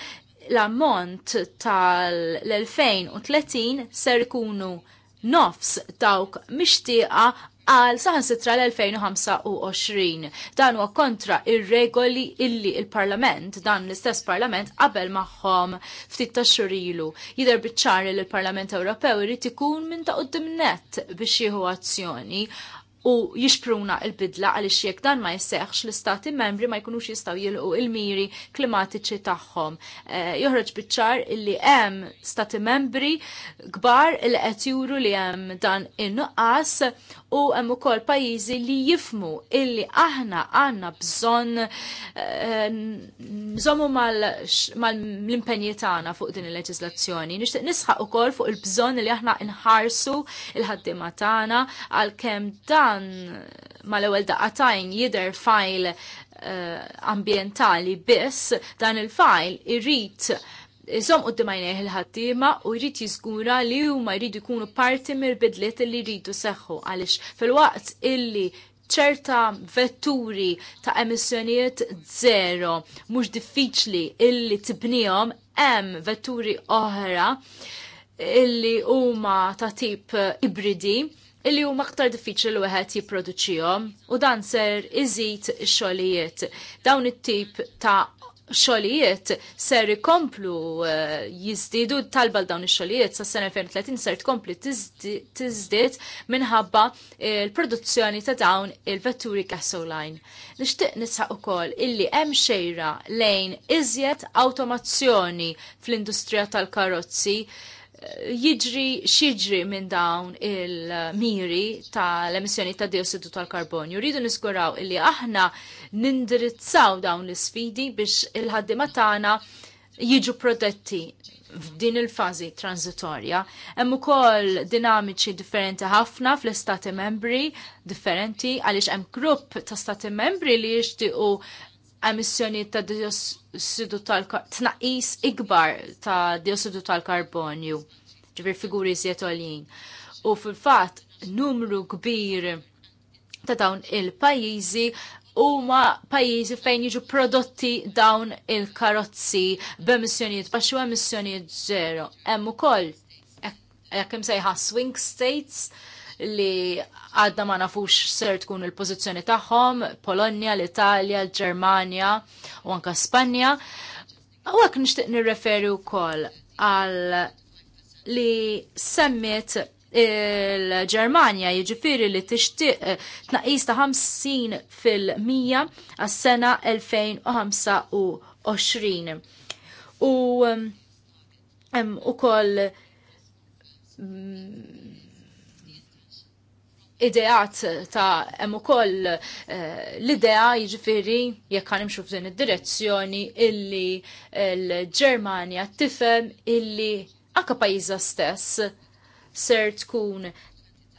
l-ammont tal-2030 ser ikunu nofs dawk mixtieqa għal saħansitra l-2025. Dan huwa kontra ir-regoli illi il-Parlament, dan l-istess Parlament qabel magħhom ftit ta' xurilu. Jidher biċċar li l-Parlament Ewropew irid ikun minn ta' qudiem nett biex jieħu azzjoni u jixpruna il-bidla għaliex jekk dan ma jseħħx l-istati membri ma jkunux jistgħu jilqu il-miri klimatiċi tagħhom. Eh, joħroġ biċ-ċar illi hemm stati membri kbar il qed juru li hemm dan in-nuqqas u hemm ukoll pajjiżi li jifmu illi aħna għandna bżonn eh, nżommu mal-impenji tagħna fuq din il-leġiżlazzjoni. Nixtieq nisħaq ukoll fuq il-bżonn li aħna nħarsu il-ħaddiema tagħna għalkemm dan mal-ewwel daqatajn jidher fajl eh, ambientali biss dan il-fajl irrit Iżom u d-dimajneħ il-ħattima u jrid jizgura li huma jridu jkunu parti mill-bidliet li jridu seħħu għaliex fil-waqt illi ċerta vetturi ta' emissjonijiet zero mhux diffiċli illi tibnihom hemm vetturi oħra illi huma ta' tip ibridi illi huma aktar diffiċli li wieħed jipproduċihom u dan ser iżid xogħlijiet. Dawn it-tip ta' xolijiet ser ikomplu eh, jizdidu talba l-dawn ix-xolijiet sa' sena 2030 ser tkompli tiżdied minħabba l-produzzjoni ta' dawn il-vetturi gasoline. Nixtieq u ukoll illi hemm xejra lejn iżjed automazzjoni fl-industrija tal-karozzi jidri xiġri minn dawn il-miri tal-emissjoni ta' diossidu tal-karbonju. Rridu niskuraw illi aħna nindirizzaw dawn l-sfidi biex il-ħaddima tagħna jiġu protetti f'din il-fazi transitorja. Hemm ukoll dinamiċi differenti ħafna fl-istati membri differenti għaliex hemm grupp ta' stati membri li jixtiequ emissjoni ta' diossidu tal-tnaqis ikbar ta' diossidu tal-karbonju, ġivir figuri zietolin. U fil-fat, numru kbir ta' dawn il-pajizi huma pajjiżi fejn jiġu prodotti dawn il-karozzi b'emissjonijiet u emissjonijiet zero. Hemm ukoll jekk hemm sejħa swing states, li għadda ma nafux ser tkun il-pozizjoni tagħhom, Polonja, l-Italja, l-Ġermanja u anka Spanja. U għak nishtiq nirreferi u koll għal li semmit il-Ġermanja jiġifieri li tixtieq eh, tnaqis ta' 50 fil-100 għas-sena 2025. U hemm ideat ta' hemm ukoll eh, l-idea jiġifieri jekk imxu f'din id-direzzjoni illi l-Ġermanja tifhem illi anke pajiza stess ser tkun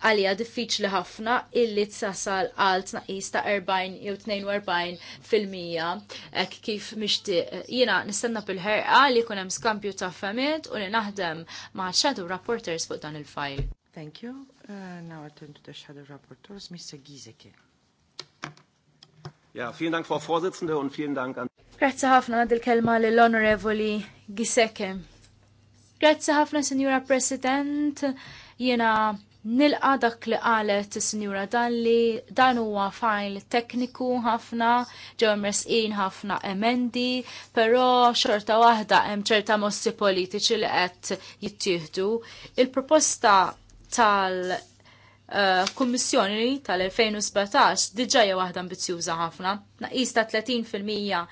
għalija diffiċli ħafna illi t-sasal għal tnaqis ta' 40 jew 42 fil-mija ek kif mixti Jiena nistenna pil ħerqa li jkun hemm skampju ta' femiet u li naħdem ma' shadow rapporters fuq dan il-fajl. Thank you. Uh, now I turn to the shadow rapporteurs, Mr. Giesecke. Ja, vielen Dank, Frau Vorsitzende, und vielen Dank an... Grazie ħafna għad kelma l-Onorevoli Giseke. Grazie ħafna, Signora President, jena nilqa dak li qalet Signora Dalli, dan huwa fajl tekniku ħafna, ġew mresqin ħafna emendi, però xorta waħda hemm ċerta mossi politiċi li qed jittieħdu. Il-proposta tal- eh, kummissjoni tal-2017 diġa hija waħda ambizjuża ħafna, naqis ta' 30%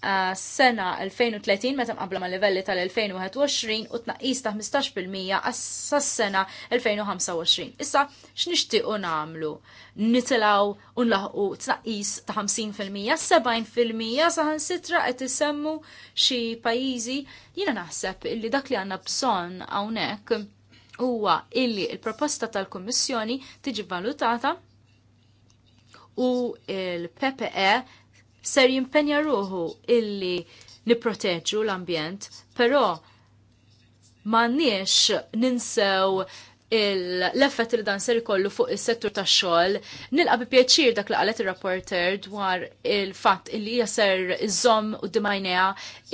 eh, sena 2030 meta mqabbla ma' livelli tal-2021 u tnaqis ta' 15% sas-sena 2025. Issa x'nixtiequ nagħmlu? Nitilgħu u nlaħqu tnaqis ta' 50%, 70% saħansitra qed isemmu xi pajjiżi jiena naħseb illi dak li għandna bżonn hawnhekk huwa illi il-proposta tal-Kommissjoni tiġi valutata u il-PPE ser jimpenja ruħu illi niproteġu l-ambjent, però m'għandniex ninsew l-effett li dan ser ikollu fuq is-settur tax-xogħol, nilqa bi pjaċir dak li qalet ir-rapporter dwar il-fatt illi jaser ser iżomm u d-dimajnea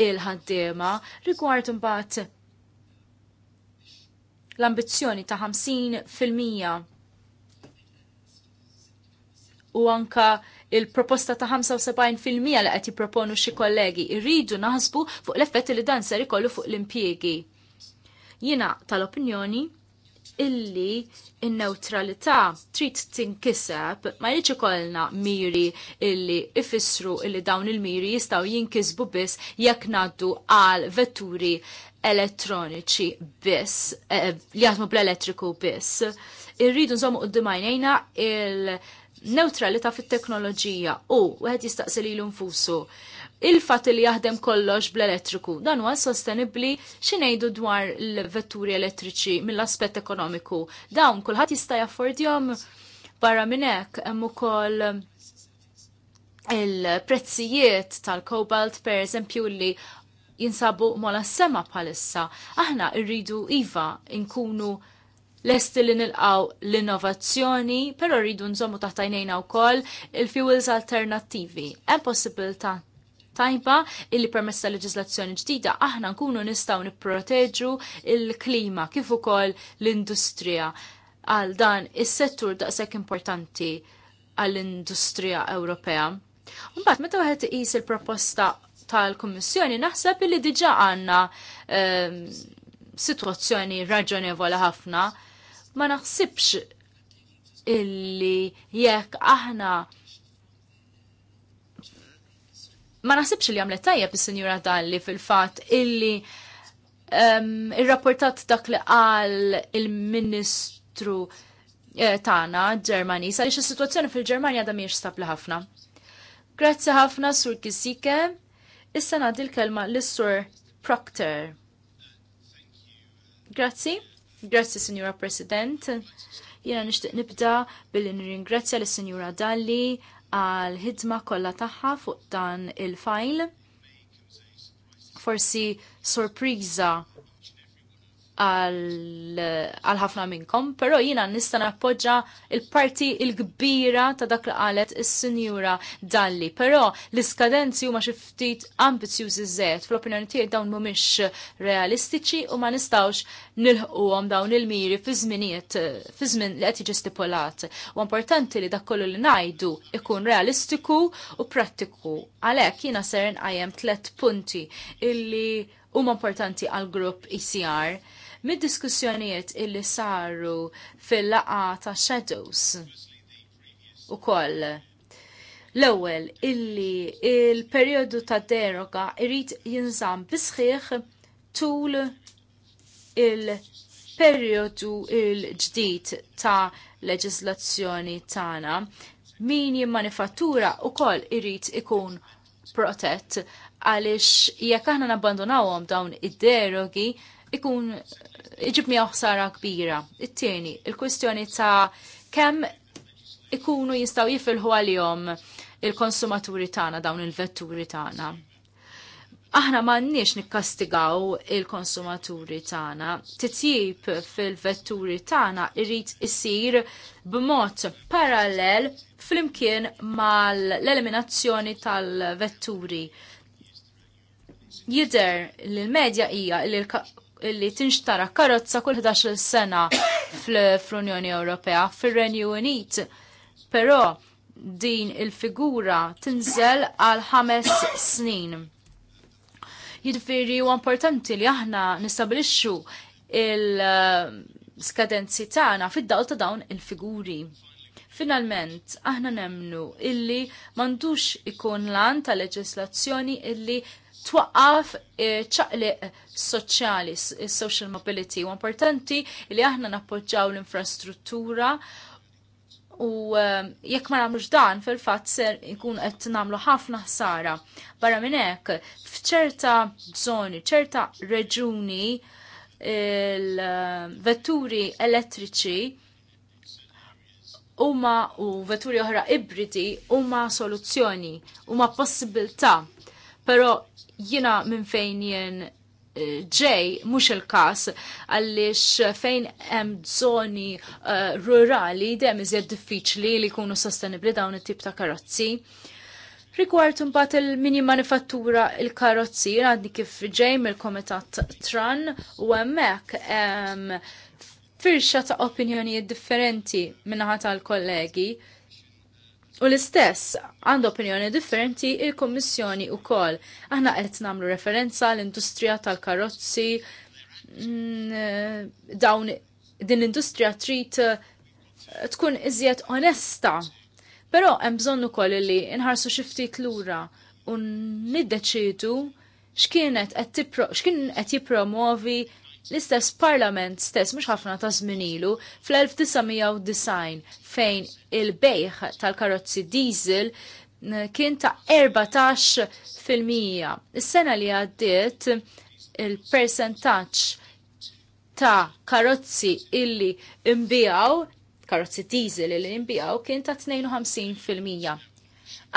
il-ħaddiema rigward imbagħad l-ambizzjoni ta' 50% fil-mija u anka il-proposta ta' 75% li qed jipproponu xi kollegi irridu naħsbu fuq l-effetti li dan ser ikollu fuq l-impjiegi. Jiena tal-opinjoni illi in-neutralità trid tinkiseb ma jiġ ikollna miri illi ifissru illi dawn il-miri jistgħu jinkisbu biss jekk ngħaddu għal vetturi elettroniċi biss eh, li jaħdmu bl-elettriku biss. Irridu nżommu qudiem għajnejna il-neutralità fit-teknoloġija u wieħed jistaqsi lilu nfusu il-fat li jaħdem kollox bl-elettriku. Dan huwa sostenibbli xinejdu dwar l-vetturi elettriċi mill-aspett ekonomiku. Dawn kulħadd jista' jaffordjom barra minn hekk hemm ukoll il-prezzijiet tal-kobalt per eżempju li jinsabu mola sema bħalissa. Aħna rridu iva nkunu lesti li nilqaw l-innovazzjoni, pero rridu nżommu taħtajnejna u koll il-fuels alternativi. Hemm possibilità tajba illi permessa tal-leġislazzjoni ġdida aħna nkunu nistgħu nipproteġu il-klima kif ukoll l-industrija għal dan is-settur daqshekk importanti għall-industrija Ewropea. Mbagħad meta wieħed iqis il-proposta tal-Kummissjoni naħseb li diġà għandna ehm, sitwazzjoni situazzjoni raġonevoli ħafna ma naħsibx illi jekk aħna ma nasibx li għamlet tajjeb is-Sinjura Dalli fil-fatt illi um, ehm, il-rapportat dak li qal il-Ministru eh, tagħna Ġermani għaliex is-sitwazzjoni fil-Ġermanja da mhijiex stabli ħafna. Grazzi ħafna Sur Kisike. Issa nagħti il kelma lis-Sur Proctor. Grazzi. Grazzi, Sinjura President. Jena nishtiq nibda billi nirringrazzja l sinjura Dalli għal ħidma kollha tagħha fuq dan il-fajl. Forsi sorpriża għal ħafna minnkom, pero jina nista nappoġġa il-parti il-kbira ta' dak li qalet is-sinjura Dalli. Però l-iskadenzi huma xi ftit ambizjużi żejt fl-opinjoni tiegħi dawn mhumiex realistiċi u ma nistgħux nilħquhom dawn il-miri fi żminijiet fi żmien li qed jiġi stipulat. U importanti li dak kollu li ngħidu ikun realistiku u prattiku. Għalhekk jiena ser ngħajjem tliet punti illi huma importanti għal grupp ICR e mid-diskussjonijiet illi saru fil-laqa ta' shadows u koll. L-ewwel illi il-perjodu ta' deroga irrit jinżamm bisħiħ tul il-perjodu il-ġdid ta' leġislazzjoni tagħna. Min jimmanifattura u koll irrit ikun protett għaliex jekk aħna nabbandonawhom dawn id-derogi ikun iġib ħsara kbira. It-tieni, il-kwistjoni ta' kemm ikunu jistaw jifilħu għal-jom il-konsumaturi tagħna dawn il-vetturi tagħna. Aħna m'għandniex nikkastigaw il-konsumaturi tagħna. Titjib fil-vetturi tagħna irrit isir b'mod parallel flimkien mal-eliminazzjoni tal-vetturi. Jider li l-medja hija li illi tinxtara karozza kull 11 sena fl-Unjoni Ewropea fil-Renju Unit. Però din il-figura tinżel għal ħames snin. Jidfiri u importanti li aħna nistabilixxu il-skadenzi tagħna fid-dawl ta' dawn il-figuri. Finalment, aħna nemnu illi mandux ikun lan ta' leġislazzjoni illi twaqqaf eh, ċaqliq soċjali, eh, social mobility. U importanti li aħna nappoġġaw l-infrastruttura u eh, jekk ma nagħmlux dan fil-fatt ser ikun qed nagħmlu ħafna ħsara. Barra minn hekk, f'ċerta żoni, ċerta reġuni il-vetturi elettriċi huma u vetturi oħra ibridi huma soluzzjoni, huma possibilità Pero jina minn fejn jen eh, ġej mhux il-każ għaliex fejn hemm żoni uh, rurali dejjem iżjed diffiċli li jkunu sostenibbli dawn it-tip ta' karozzi. Rigward imbagħad il-mini manifattura il-karozzi għadni kif ġej mill-Komitat Tran u hemmhekk ehm, firxa ta' opinjonijiet differenti minnaħat tal-kollegi. U l-istess għandu opinjoni differenti il-Kommissjoni u kol. Aħna qed namlu referenza l-industrija tal-karozzi, mm, eh, dawn din l-industrija trid eh, tkun iżjed onesta. Però hemm bżonn ukoll li nħarsu xi ftit lura u niddeċidu x'kienet qed x'kien qed jippromovi L-istess parlament stess mhux ħafna ta' zminilu fl-1990 fejn il-bejħ tal-karozzi diesel kien ta' 14 fil-mija. Is-sena li għaddiet il percentaċ ta' karozzi illi imbijaw, karozzi diesel illi imbijaw kien ta' 52 fil-mija.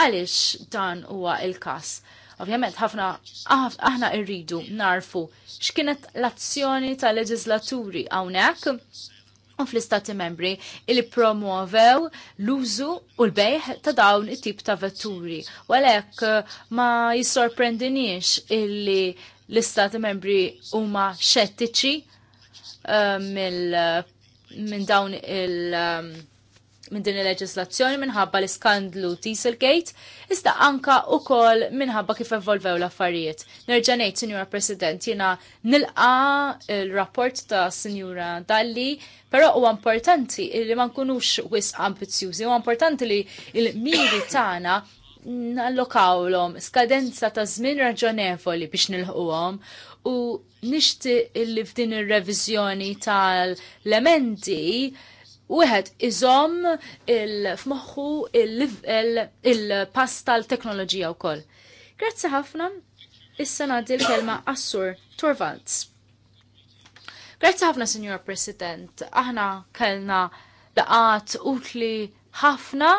Għalix dan huwa il-kas? Ovvjament, ħafna ah, aħna irridu narfu x'kienet l-azzjoni tal-leġislaturi hawnhekk u fl-istati membri li promuovew l-użu u l-bejħ ta' dawn it-tip ta' vetturi. U għalhekk eh, ma jissorprendinix illi l-istati membri huma xettiċi uh, mill eh, minn dawn il- um, minn din il-leġislazzjoni minħabba l-iskandlu Dieselgate, iżda anka u kol minħabba kif evolvew l-affarijiet. Nerġanejt, Signora President, jena nilqa il-rapport ta' Signora Dalli, pero u importanti li ma nkunux wis ambizjuzi, u importanti li il-miri tagħna nallokawlom skadenza ta' żmien raġonevoli biex nilħuhom u nixti li f'din ir-reviżjoni tal-elementi wieħed iżom il-fmoħħu il-pass tal-teknoloġija wkoll. Grazzi ħafna, issa ngħaddi l-kelma Assur Torvalds. Grazzi ħafna, Signor President. Aħna kellna laqat utli ħafna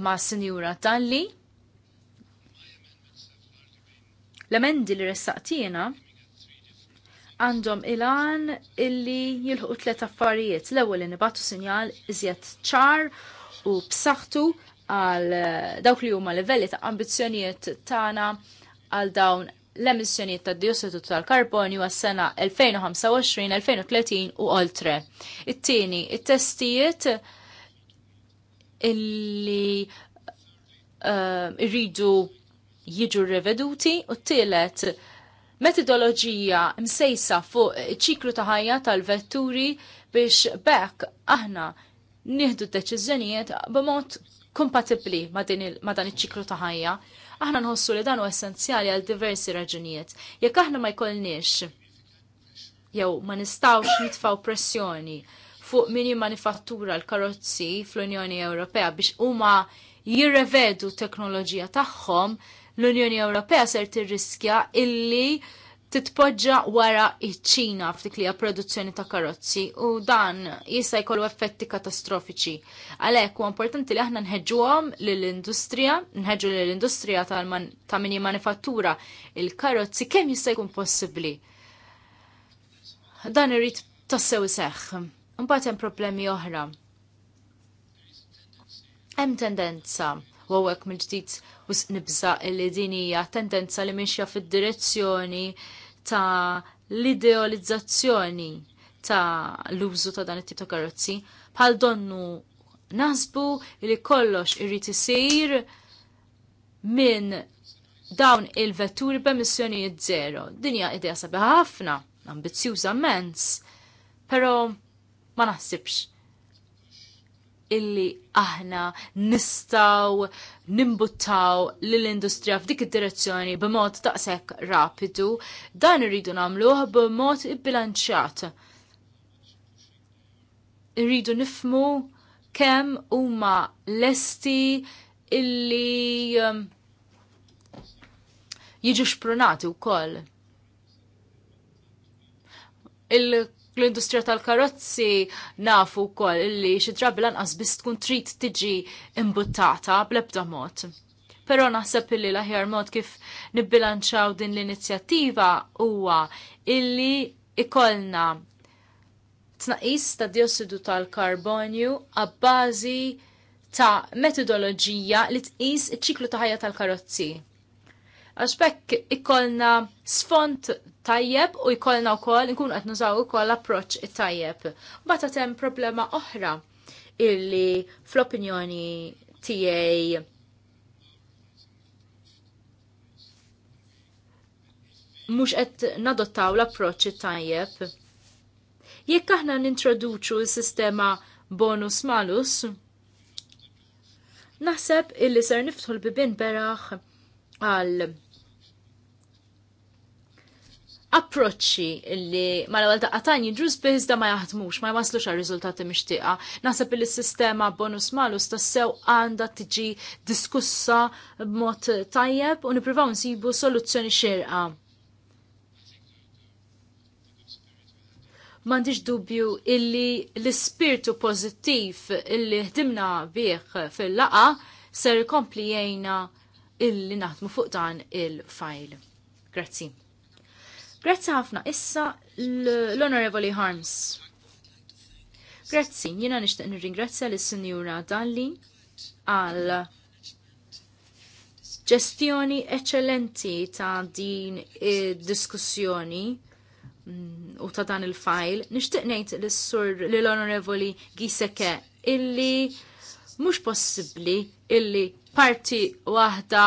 ma' Sinjura Talli. L-emendi li ressaqtina għandhom ilan illi jilħu tlet affarijiet. L-ewwel li nibatu sinjal iżjed ċar u b'saħħtu għal eh, dawk li huma livelli ta' ambizzjonijiet tagħna għal dawn l-emissjonijiet ta' diossidu tal-karbonju għas-sena 2025-2030 u oltre. It-tieni, it-testijiet illi uh, irridu jiġu riveduti u t-tielet metodoloġija msejsa fuq ċiklu ta' ħajja tal-vetturi biex bekk aħna nieħdu deċiżjonijiet b'mod kompatibbli ma' dan iċ-ċiklu ta' ħajja. Aħna nħossu li dan u essenzjali għal diversi raġunijiet. Jekk aħna ma jkollniex jew ma nistawx nitfaw pressjoni fuq min jimmanifattura l-karozzi fl-Unjoni Ewropea biex huma jirrevedu teknoloġija tagħhom, l-Unjoni Ewropea ser tirriskja illi titpoġġa wara iċ-Ċina f'dik li produzzjoni ta' karozzi u dan jista' jkollu effetti katastrofiċi. Għalhekk huwa importanti li aħna nħeġġuhom lill-industrija, nħeġġu lill-industrija ta' mini manifattura il-karozzi kemm jista' jkun possibbli. Dan irid tassew seħħ. Imbagħad hemm problemi oħra. Hemm tendenza u hekk mill-ġdid u nibza li din hija tendenza li minxja fid-direzzjoni ta' l-ideolizzazzjoni ta' l-użu ta' dan it-tip ta' karozzi. Bħal donnu nasbu li kollox irrid isir minn dawn il-vetturi b'emissjonijiet zero. Dinja idea sabiħa ħafna, ambizzjuża mens, pero ma naħsibx illi aħna nistaw nimbuttaw lill-industrija f'dik id-direzzjoni b'mod taqsek rapidu, dan irridu nagħmluh b'mod ibbilanċjat. Irridu nifmu kemm huma lesti illi um, jiġu xprunati wkoll. Il l-industrija tal-karozzi nafu wkoll illi xi drabi lanqas biss tkun trid tiġi imbuttata bl-ebda mod. Però naħseb illi l-aħjar mod kif nibbilanċaw din l-inizjattiva huwa illi ikollna tnaqis ta' diossidu tal-karbonju għabbażi ta' metodoloġija li tqis iċ-ċiklu ta' ħajja tal-karozzi għax bekk ikollna sfont tajjeb u jkollna wkoll nkun qed nużaw ukoll approċċ tajjeb. Bata hemm problema oħra illi fl-opinjoni tiegħi mhux qed nadottaw l-approċċ tajjeb. Jekk aħna nintroduċu s-sistema bonus malus, naħseb illi ser niftħol l-bibin beraħ għal approċċi li ma l-għal daqqatan jidru zbiħizda ma jaħdmux, ma jwaslux għal riżultati mixtieqa. Naħseb li s-sistema bonus malus tassew għandha tiġi diskussa b'mod tajjeb u nippruvaw nsibu soluzzjoni xirqa. M'għandix dubju illi l-ispirtu pożittiv illi ħdimna bih fil-laqa ser kompli jgħinna illi naħdmu fuq dan il-fajl. Grazzi. Grazzi ħafna, issa l honorable Harms. Grazzi, jina nishtaq nirringrazzja l sinjura Dalli għal ġestjoni eccellenti ta' din id-diskussjoni mm, u ta' dan il-fajl. Nishtaq ngħid lis-sur l-Onorevoli Giseke illi mhux possibbli illi parti waħda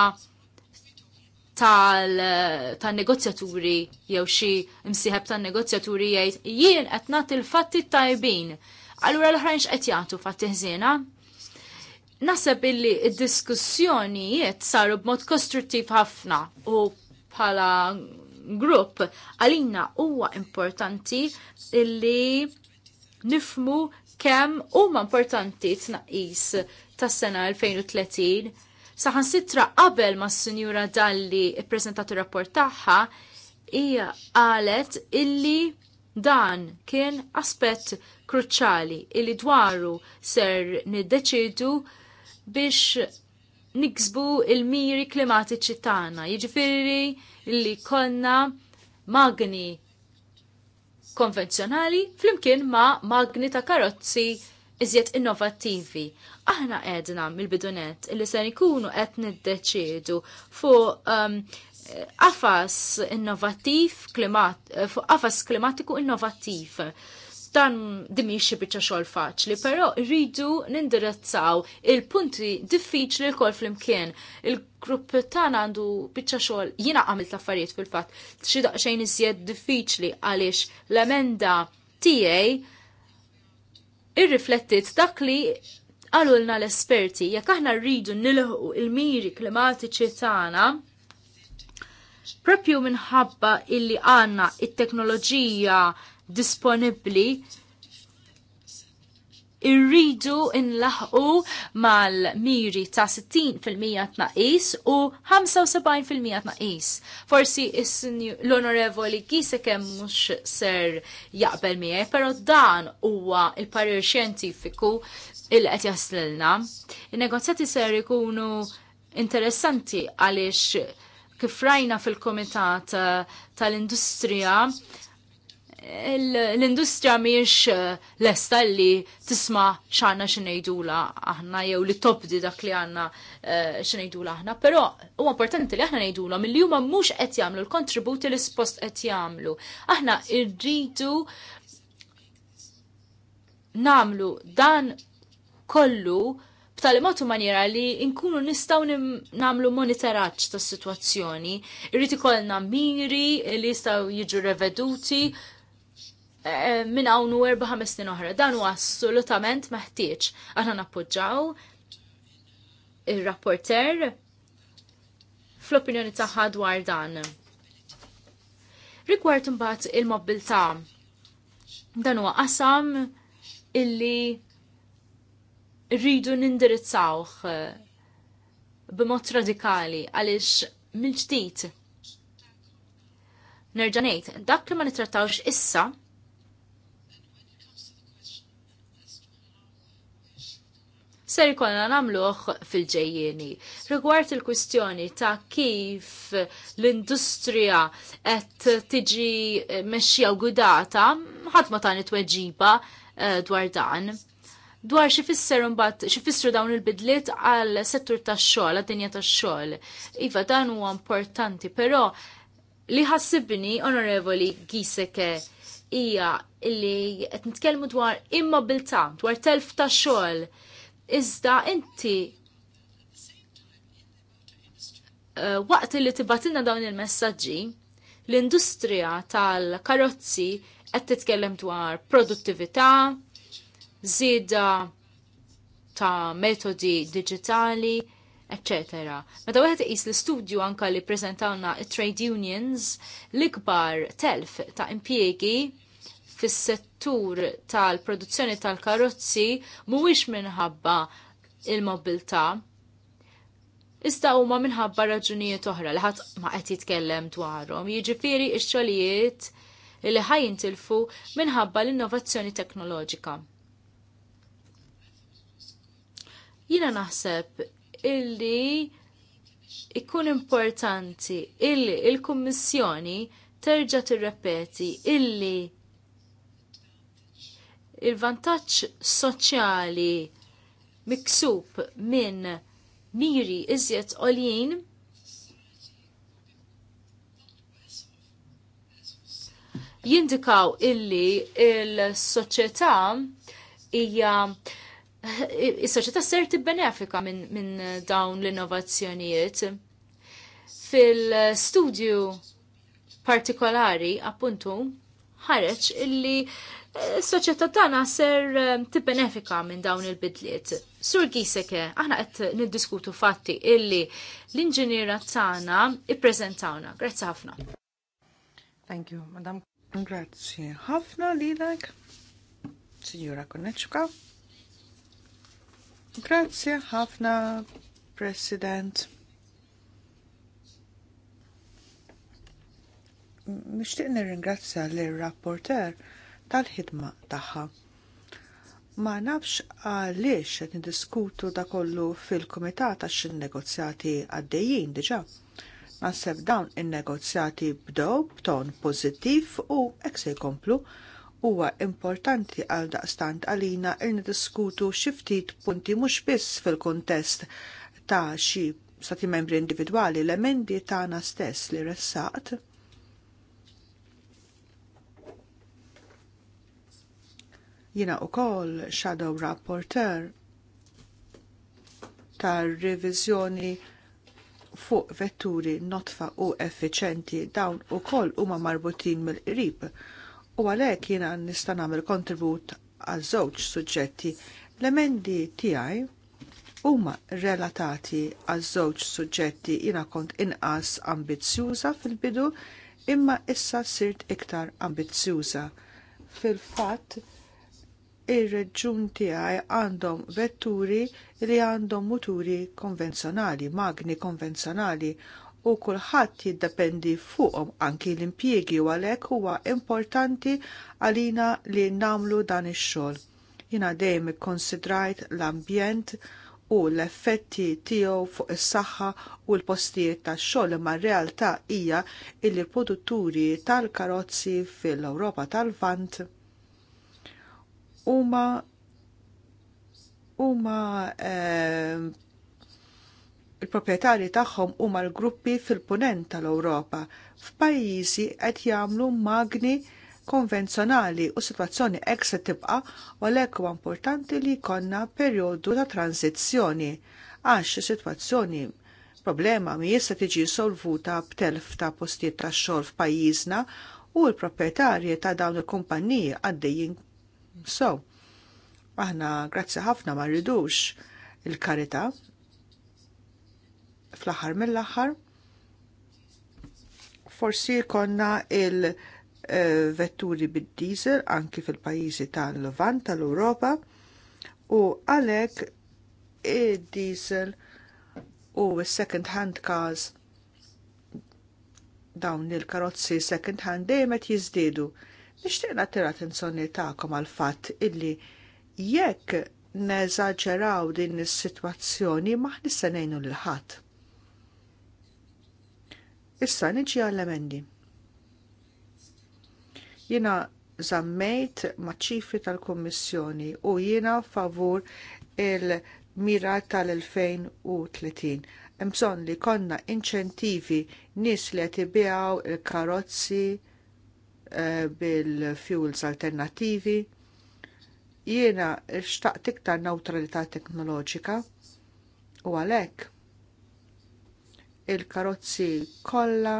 tal-negozjaturi eh, jew xi imsieħeb tan-negozjaturi jgħid jien qed nagħti l-fatti tajbin. Allura l-oħrajn x'qed jagħtu fatti ħżiena. Naseb illi d diskussjonijiet saru b'mod kostruttiv ħafna u bħala grupp għalina huwa importanti illi nifmu kemm huma importanti tnaqqis tas-sena 2030 Saħan sitra qabel ma s-Sinjura Dalli ippreżentat ir-rapport tagħha hija qalet illi dan kien aspett kruċali illi dwaru ser niddeċidu biex niksbu il-miri klimatiċi tagħna. Jiġifieri li konna magni konvenzjonali flimkien ma magni ta' karozzi iżjed innovattivi. Aħna għedna mill-bidunet illi se nikunu qed niddeċiedu fuq um, qafas innovattiv klimat, fuq qafas klimatiku innovattiv dan dimixi biċċa xol faċli, pero rridu nindirizzaw il-punti diffiċli l-kol fl-imkien. Il-grupp tan għandu biċċa xol jina għamil taffariet fil-fat, xidaq iżjed diffiċli għalix l-emenda tijaj irriflettit dak li għalulna l-esperti, jekk aħna rridu nilħu il-miri klimatiċi tagħna, propju minħabba illi għanna it-teknoloġija disponibbli irridu inlaħqu mal-miri ta' 60% tnaqis u 75% tnaqis. Forsi l-onorevoli kise kemm mhux ser jaqbel miegħi, però dan huwa il-parir xjentifiku il qed jaslilna. Il-negozjati ser ikunu interessanti għaliex kif rajna fil-Komitat tal-Industrija l-industrija miex eh, l-esta li tisma xanna la aħna jew li topdi dak li għanna eh, la aħna, pero u importanti li aħna la mill-li huma mhux qed jagħmlu l-kontributi li spost qed jagħmlu. Aħna rridu namlu dan kollu b'talimatu maniera li nkunu nistaw namlu monitoraċ tas situazzjoni. irriti ikollna miri li jistgħu jiġu reveduti Eh, minn għawnu 4-5 snin oħra. Dan huwa assolutament meħtieġ. Aħna nappoġġaw ir-rapporter fl-opinjoni tagħha dwar dan. Rigward imbagħad il-mobilità dan huwa qasam illi rridu nindirizzawh eh, b'mod radikali għaliex mill-ġdid nerġa' ngħid dak li ma nittrattawx issa ser ikolna nagħmluh fil ġejjeni Rigward il-kwistjoni ta' kif l-industrija qed tiġi mexxija u gudata, ħadd ma tani tweġiba eh, dwar dan dwar xifisser mbagħad xifissru dawn il-bidliet għal settur tax-xogħol, għad-dinja tax-xogħol. Iva dan huwa importanti, però li ħassibni onorevoli Giseke hija illi qed nitkellmu dwar immobilità, dwar telf tax-xogħol Iżda inti uh, waqt li tibatilna dawn il-messagġi, l-industrija tal-karozzi qed titkellem dwar produttività, żieda ta' metodi digitali, etc. Meta wieħed iqis l-istudju anka li preżentawna trade unions, l-ikbar telf ta' impjiegi fis-settur tal-produzzjoni tal-karozzi mhuwiex minħabba il-mobilità Iżda huma minħabba raġunijiet oħra li ħadd ma qed jitkellem dwarhom. Jiġifieri x-xogħlijiet li ħajintilfu minħabba l-innovazzjoni teknoloġika. Jiena naħseb illi ikun importanti illi il-Kummissjoni terġa' tirrepeti illi il-vantaġġ soċjali miksub minn miri iżjed għoljin jindikaw illi il-soċjetà hija is-soċjetà ser tibbenefika minn min dawn l-innovazzjonijiet. Fil-studju partikolari appuntu ħareġ illi s-soċjetà tagħna ser ehm, tibbenefika minn dawn il-bidliet. Sur Giseke, aħna qed niddiskutu fatti illi l-inġiniera tagħna ippreżentawna. Grazzi ħafna. Thank you, madam. Grazzi ħafna lilek, Signora Konneċka. Grazzi ħafna, President. Nixtieq nirringrazzja l-rapporter tal-ħidma tagħha. Ma nafx għaliex qed niddiskutu da kollu fil-kumitat għax il-negozjati għaddejjin diġà. Naħseb dawn in-negozjati bdew b'ton pożittiv u hekk se jkomplu huwa importanti għal daqstant għalina il xi xiftit punti mhux biss fil-kontest ta' xi stati membri individwali l-emendi tagħna stess li ressaqt Jina u kol shadow rapporter ta' revizjoni fuq vetturi notfa u effiċenti dawn u koll huma marbutin mill-qrib u għalhekk jiena nista' nagħmel kontribut għal żewġ suġġetti. L-emendi tiegħi huma relatati għal żewġ suġġetti jiena kont inqas ambizzjuża fil-bidu imma issa sirt iktar ambizzjuża. Fil-fatt ir-reġun tiegħi għandhom vetturi li għandhom muturi konvenzjonali, magni konvenzjonali u kulħadd jiddependi fuqhom anki l-impjiegi u għalhekk huwa importanti għalina li nagħmlu dan ix-xogħol. Jiena dejjem ikkonsidrajt l-ambjent u l-effetti tiegħu fuq is-saħħa u l-postijiet tax-xogħol imma r-realtà hija li l-produtturi tal-karozzi fil-Ewropa tal-Vant huma huma eh, il-proprietari tagħhom huma l-gruppi fil-punent tal-Ewropa f'pajjiżi qed jagħmlu magni konvenzjonali u situazzjoni hekk se tibqa' u għalhekk huwa importanti li jkollna perjodu ta' tranzizzjoni għax situazzjoni sitwazzjoni problema mi jista' tiġi solvuta b'telf ta' postijiet tax-xogħol f'pajjiżna u l-proprjetarji ta' dawn il-kumpaniji għaddejjin So, aħna grazzi ħafna ma rridux il-karita fl-aħħar mill-aħħar. Forsi konna il- eh, vetturi bid-diesel anki fil-pajjiżi tal-Levant tal-Ewropa u għalhekk id-diesel u s-second hand cars dawn il-karozzi second hand dejjem qed jiżdiedu. Nixtieq nattira attenzjoni tagħkom għal fatt illi jekk neżaġeraw din is-sitwazzjoni maħni se ngħinu lil ħadd. Issa niġi għall-emendi. Jiena zammejt maċ tal kummissjoni u jiena favur il-mira tal-2030. Mżon li konna inċentivi nis li jtibijaw il-karozzi Eh, bil-fuels alternattivi. Jiena xtaqt iktar neutralità teknoloġika u għalhekk il-karozzi kollha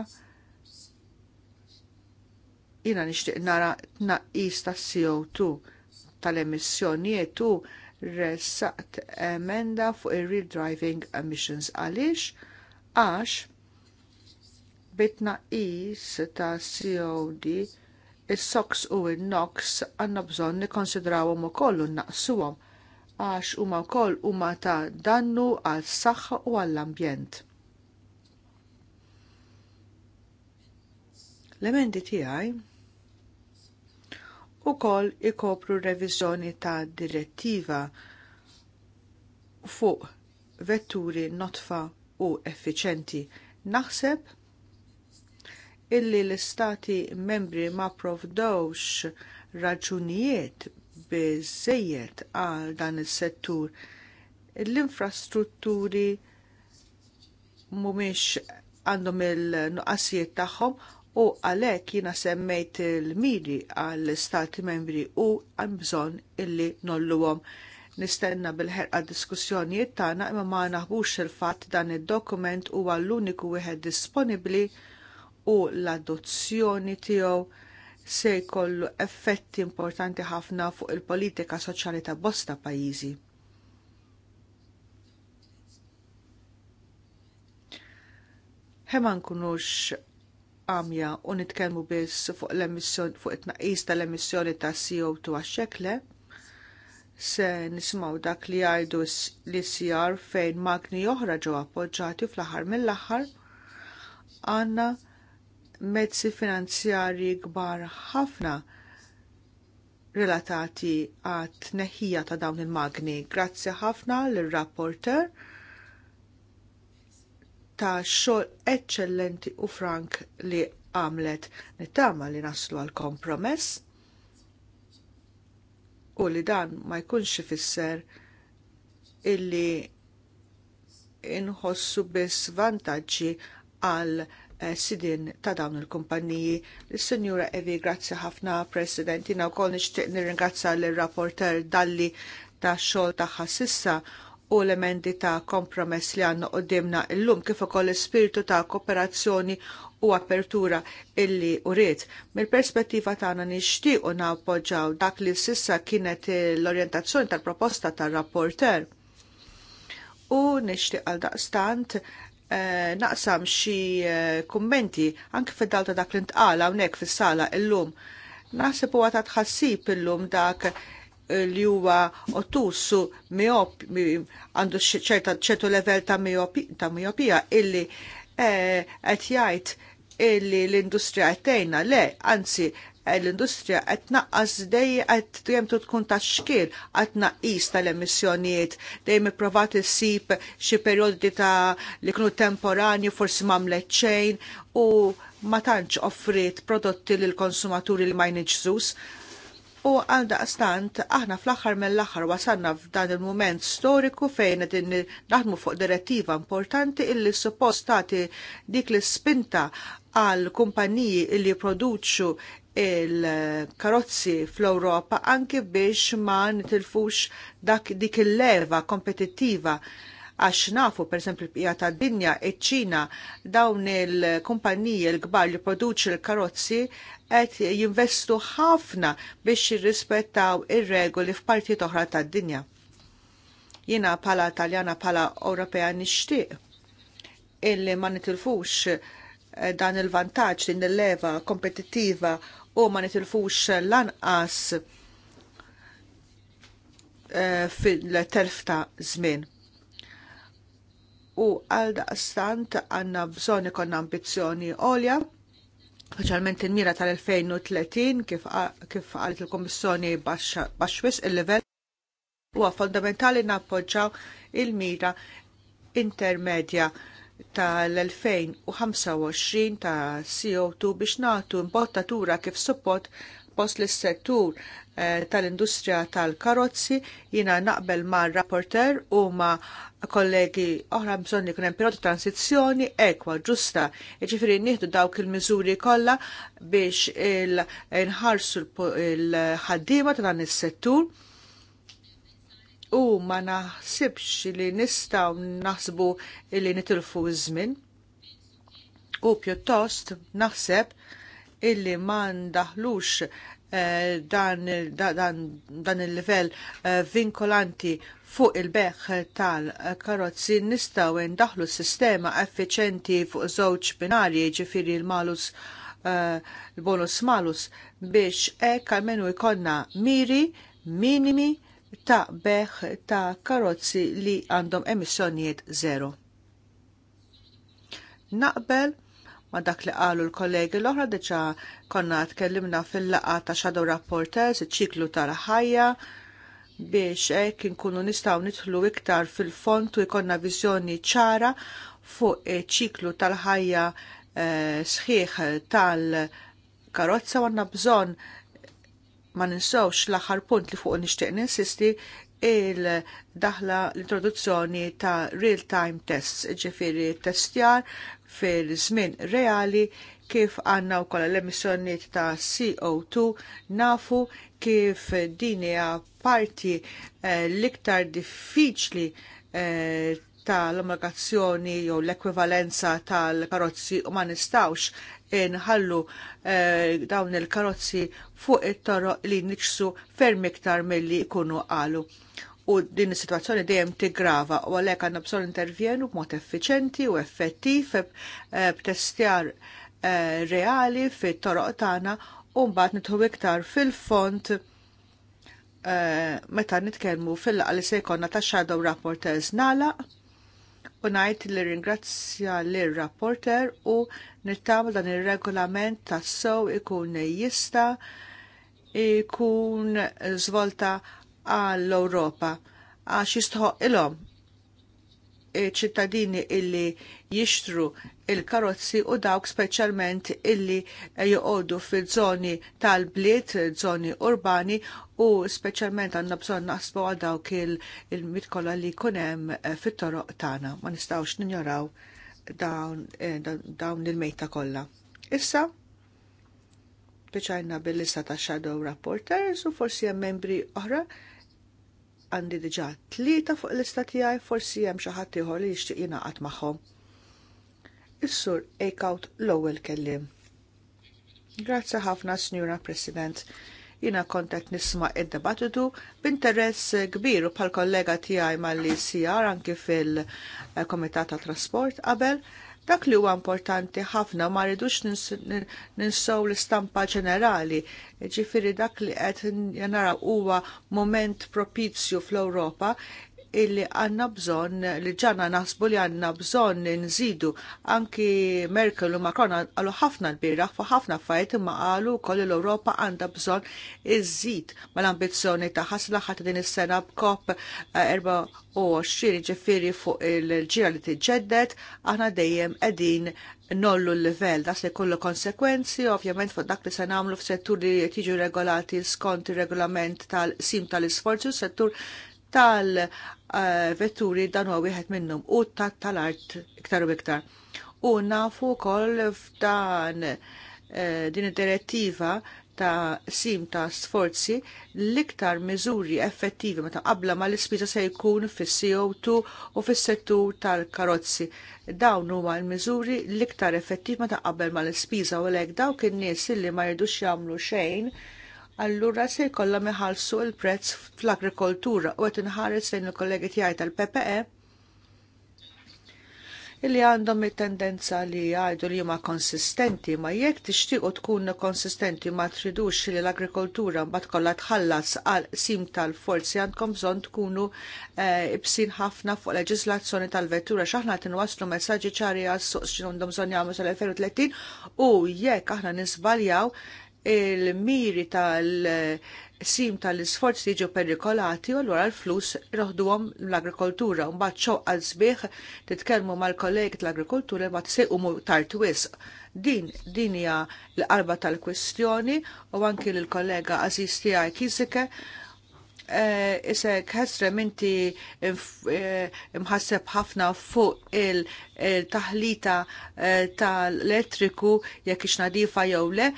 jiena nixtieq nara tnaqqis ta' co 2 tal-emissjonijiet u ressaqt emenda fuq ir-real driving emissions għaliex għax bitnaqis ta' COD is-SOX u n-NOX għandna bżonn nikkonsidrawhom ukoll u naqsuhom għax huma wkoll huma ta' dannu għal saħħa u għall ambjent L-emendi tiegħi koll ikopru reviżjoni ta' direttiva fuq vetturi notfa u effiċenti. Naħseb illi l-istati membri ma provdowx raġunijiet biżżejjed għal dan is-settur. L-infrastrutturi mhumiex għandhom il-nuqqasijiet tagħhom u għalhekk jiena semmejt il-miri għall-istati membri u għan bżonn illi nolluhom. Nistenna bil-ħerqa diskussjonijiet tagħna imma ma naħbux il-fatt dan id-dokument huwa l-uniku wieħed disponibbli u l-adozzjoni tiegħu se jkollu effetti importanti ħafna fuq il-politika soċjali ta' bosta pajjiżi. Hemm nkunux għamja u nitkellmu biss fuq l-emissjoni fuq it-tnaqqis tal-emissjoni ta' CO2 għax se nisimgħu dak li jgħidu l sijar fejn magni oħra ġew appoġġjati fl-aħħar mill-aħħar għandna mezzi finanzjarji kbar ħafna relatati għat neħija ta' dawn il-magni. Grazzi ħafna l-rapporter ta' xol eccellenti u frank li għamlet nittama li naslu għal kompromess u li dan ma jkunx ifisser illi inħossu biss vantaġġi għal Eh, sidin ta' dawn il-kumpanniji. il sinjura Evi, grazzi ħafna, President, jina wkoll nixtieq nirringrazza l-rapporter Dalli ta' xogħol tagħha sissa u l-emendi ta' kompromess li għandna qoddimna lum kif ukoll l-ispirtu ta' kooperazzjoni u apertura illi uriet. Mill-perspettiva tagħna nixtiequ nappoġġaw dak li sissa kienet l-orjentazzjoni tal-proposta tar-rapporter. U nixtieq għal daqstant Eh, naqsam xi eh, kummenti anke fid-dalta dak li ntqala hawnhekk fis-sala illum. Naħseb huwa ta' tħassib illum dak eh, li huwa ottussu miop għandu ċertu level ta' miopija illi qed jgħid illi l-industrija għettejna le, anzi l-industrija qed naqqas dej qed dejjem tkun ta' xkil qed naqqis tal-emissjonijiet dejjem ipprovat issib xi perjodi ta' li kienu temporanju forsi m'għamlet xejn u ma tantx offrit prodotti lil konsumaturi li ma jniġżus. U għaldaqstant, aħna fl aħħar mill aħħar wasanna f'dan il-moment storiku fejn qed naħdmu fuq direttiva importanti illi suppost tagħti dik l-spinta għal kumpaniji li produċu il-karozzi fl-Europa anke biex ma nitilfux dak dik il-leva kompetittiva għax nafu per esempio l-pija ta' dinja iċ-ċina e dawn il-kumpaniji l-kbar li produċi l-karozzi qed jinvestu ħafna biex jirrispettaw ir-regoli f'parti oħra tad-dinja. Jiena pala Taljana pala Ewropea nixtieq illi ma nitilfux eh, dan il-vantaġġ din il-leva kompetittiva u ma nitilfux lanqas eh, fil-telf ta' żmien u għal daqstant għanna bżon ikon ambizjoni għolja, specialment il-mira tal-2030 kif għalit il-Komissjoni baxwis il-level huwa fondamentali nappoġġaw il-mira intermedja tal-2025 ta' CO2 biex nagħtu importatura kif suppot post lis settur eh, tal-industrija tal-karozzi jiena naqbel ma' rapporter u ma' kollegi oħra bżonn kunem hemm periodu transizzjoni ekwa ġusta. Jiġifieri nieħdu dawk il-miżuri kollha biex inħarsu l-ħaddiema ta' dan is-settur u ma naħsibx li nistaw naħsbu li nitilfu iż-żmien u pjuttost naħseb illi ma ndaħlux eh, dan, dan, dan il-level eh, vinkolanti fuq il-beħ tal-karozzi nistaw ndaħlu sistema effiċenti fuq żewġ binarji ġifiri l-malus eh, l-bonus malus biex ek għalmenu jkonna miri minimi ta' beħ ta' karozzi li għandhom emissjonijiet zero. Naqbel ma' dak li qalu l-kollegi l-oħra diġa konna tkellimna fil-laqa ta' Shadow Rapporters, ċiklu tal-ħajja, biex hekk inkunu nistgħu nidħlu iktar fil-font u jkollna viżjoni ċara fuq ċiklu tal-ħajja eh, sħiħ tal-karozza għandna bżonn Ma ninsawx l-aħħar punt li fuq nixtieq ninsisti il-daħla l-introduzzjoni ta' real-time tests, ġifiri testjar fil-żmien reali kif għanna u kolla l-emissjoniet ta' CO2 nafu kif din hija parti eh, l-iktar diffiċli eh, tal-omologazzjoni jew l-ekwivalenza tal-karozzi u ma nistawx inħallu eh, dawn il-karozzi fuq it toroq li niċsu ferm iktar milli jkunu qalu. U din is-sitwazzjoni dejjem tigrava u għalhekk għandna bżonn intervjenu b'mod effiċenti u effettiv eh, b'testjar eh, reali fit-toroq tagħna u mbagħad nidħu iktar fil-font eh, meta nitkellmu fil-laqgħa li se jkollna tax-shadow rapporters nagħlaq u ngħid li ringrazzja lir rapporter u nittamu dan ir-regolament tas sow ikun jista ikun żvolta għall europa għax jistħoq il-om ċittadini illi jixtru il-karozzi u dawk speċjalment illi joqogħdu fil-żoni tal-bliet, żoni urbani u speċjalment għandna bżonn naħsbu għal dawk il-mitkolla li jkun hemm eh, fit-toroq tagħna. Ma nistgħux ninjoraw eh, dawn il-mejta kollha. Issa, biċajna bil-lista ta' shadow rapporters u forsi hemm membri oħra għandi diġà tlieta fuq l istatijaj tiegħi forsi hemm xi ħadd ieħor li jixtieq jingħaqad magħhom. Is-sur Eikaut l-ewwel kellim. Grazzi ħafna, Sinjura President. Jina kontet nisma' id-debattitu b'interess kbir u pal kollega tiegħi mal-li sijar anki fil komitata ta' Trasport qabel Dak li huwa importanti ħafna ma rridux ninsow l-istampa ġenerali, ġifiri dak li qed naraw huwa moment propizju fl-Ewropa illi għanna bżon, li ġanna naħsbu li għanna bżon nżidu. Anki Merkel u Macron għalu ħafna l-birraħ fu ħafna fajt imma għalu koll l-Europa għanda bżon ma mal-ambizjoni ta' ħasla ħat din is-sena b'kop 24 ġifiri fuq il-ġira li tiġġeddet, aħna dejjem qegħdin nollu l-level, da se kollu konsekwenzi, ovvjament fuq dak li se namlu f-settur li tiġu regolati skont il-regolament tal-sim tal-isforzu, settur tal Eh, vetturi dan huwa wieħed minnhom u tat tal-art iktar u iktar. U nafu wkoll f'dan eh, din id-direttiva ta' sim ta' sforzi l-iktar miżuri effettivi meta qabla ma l-ispiża se jkun fis-CO2 u fis-settur tal-karozzi. Dawn huma l-miżuri l-iktar effettivi meta qabel ma l-ispiża u lek dawk in-nies illi ma jridux jagħmlu xejn allura se jkollhom iħallsu l-prezz fl-agrikoltura u qed inħares lejn il-kollegi tiegħi tal-PPE illi għandhom it-tendenza li jgħidu li huma konsistenti, ma jekk tixtiequ tkun konsistenti ma tridux li l-agrikoltura mbagħad kollha tħallas għal sim tal-forzi għandkom bżonn tkunu eh, ibsin ħafna fuq leġislazzjoni tal-vettura x'aħna qed inwasslu messaġġi ċari għas-suq x'għandhom bżonn jagħmlu sal-2030 u jekk aħna nisbaljaw il-miri tal-sim tal-isforzi jiġu perikolati u l-wara l-flus roħduhom l-agrikoltura. Mbagħad xoq għal sbieħ titkellmu mal-kollegi tal-agrikoltura ma tsejqumu tard wisq. Din din hija l-qalba tal-kwistjoni u anki l-kollega Aziz tiegħi Kisike Eh, isek ħasrem inti eh, mħasseb ħafna fuq il-taħlita eh, tal-elettriku jekk ix nadifa jew le,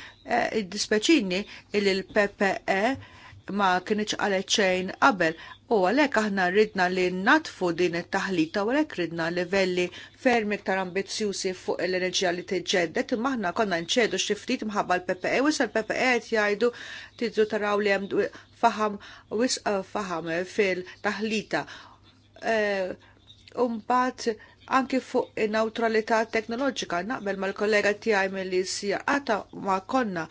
id-dispeċini il-PPE ma kienieċ għalet ċejn qabel u għalhekk aħna rridna li natfu din it-taħlita u għalek ridna livelli ferm iktar ambizjusi fuq l-enerġija li ġeddet imma aħna konna nċedu xi ftit mħabba l-PPE u issa l-PPE jajdu t tidżu taraw li hemm faham wisq faham fil-taħlita. Umbat anki fuq in-neutralità teknoloġika naqbel mal-kollega tiegħi mill-ISIA sija ma konna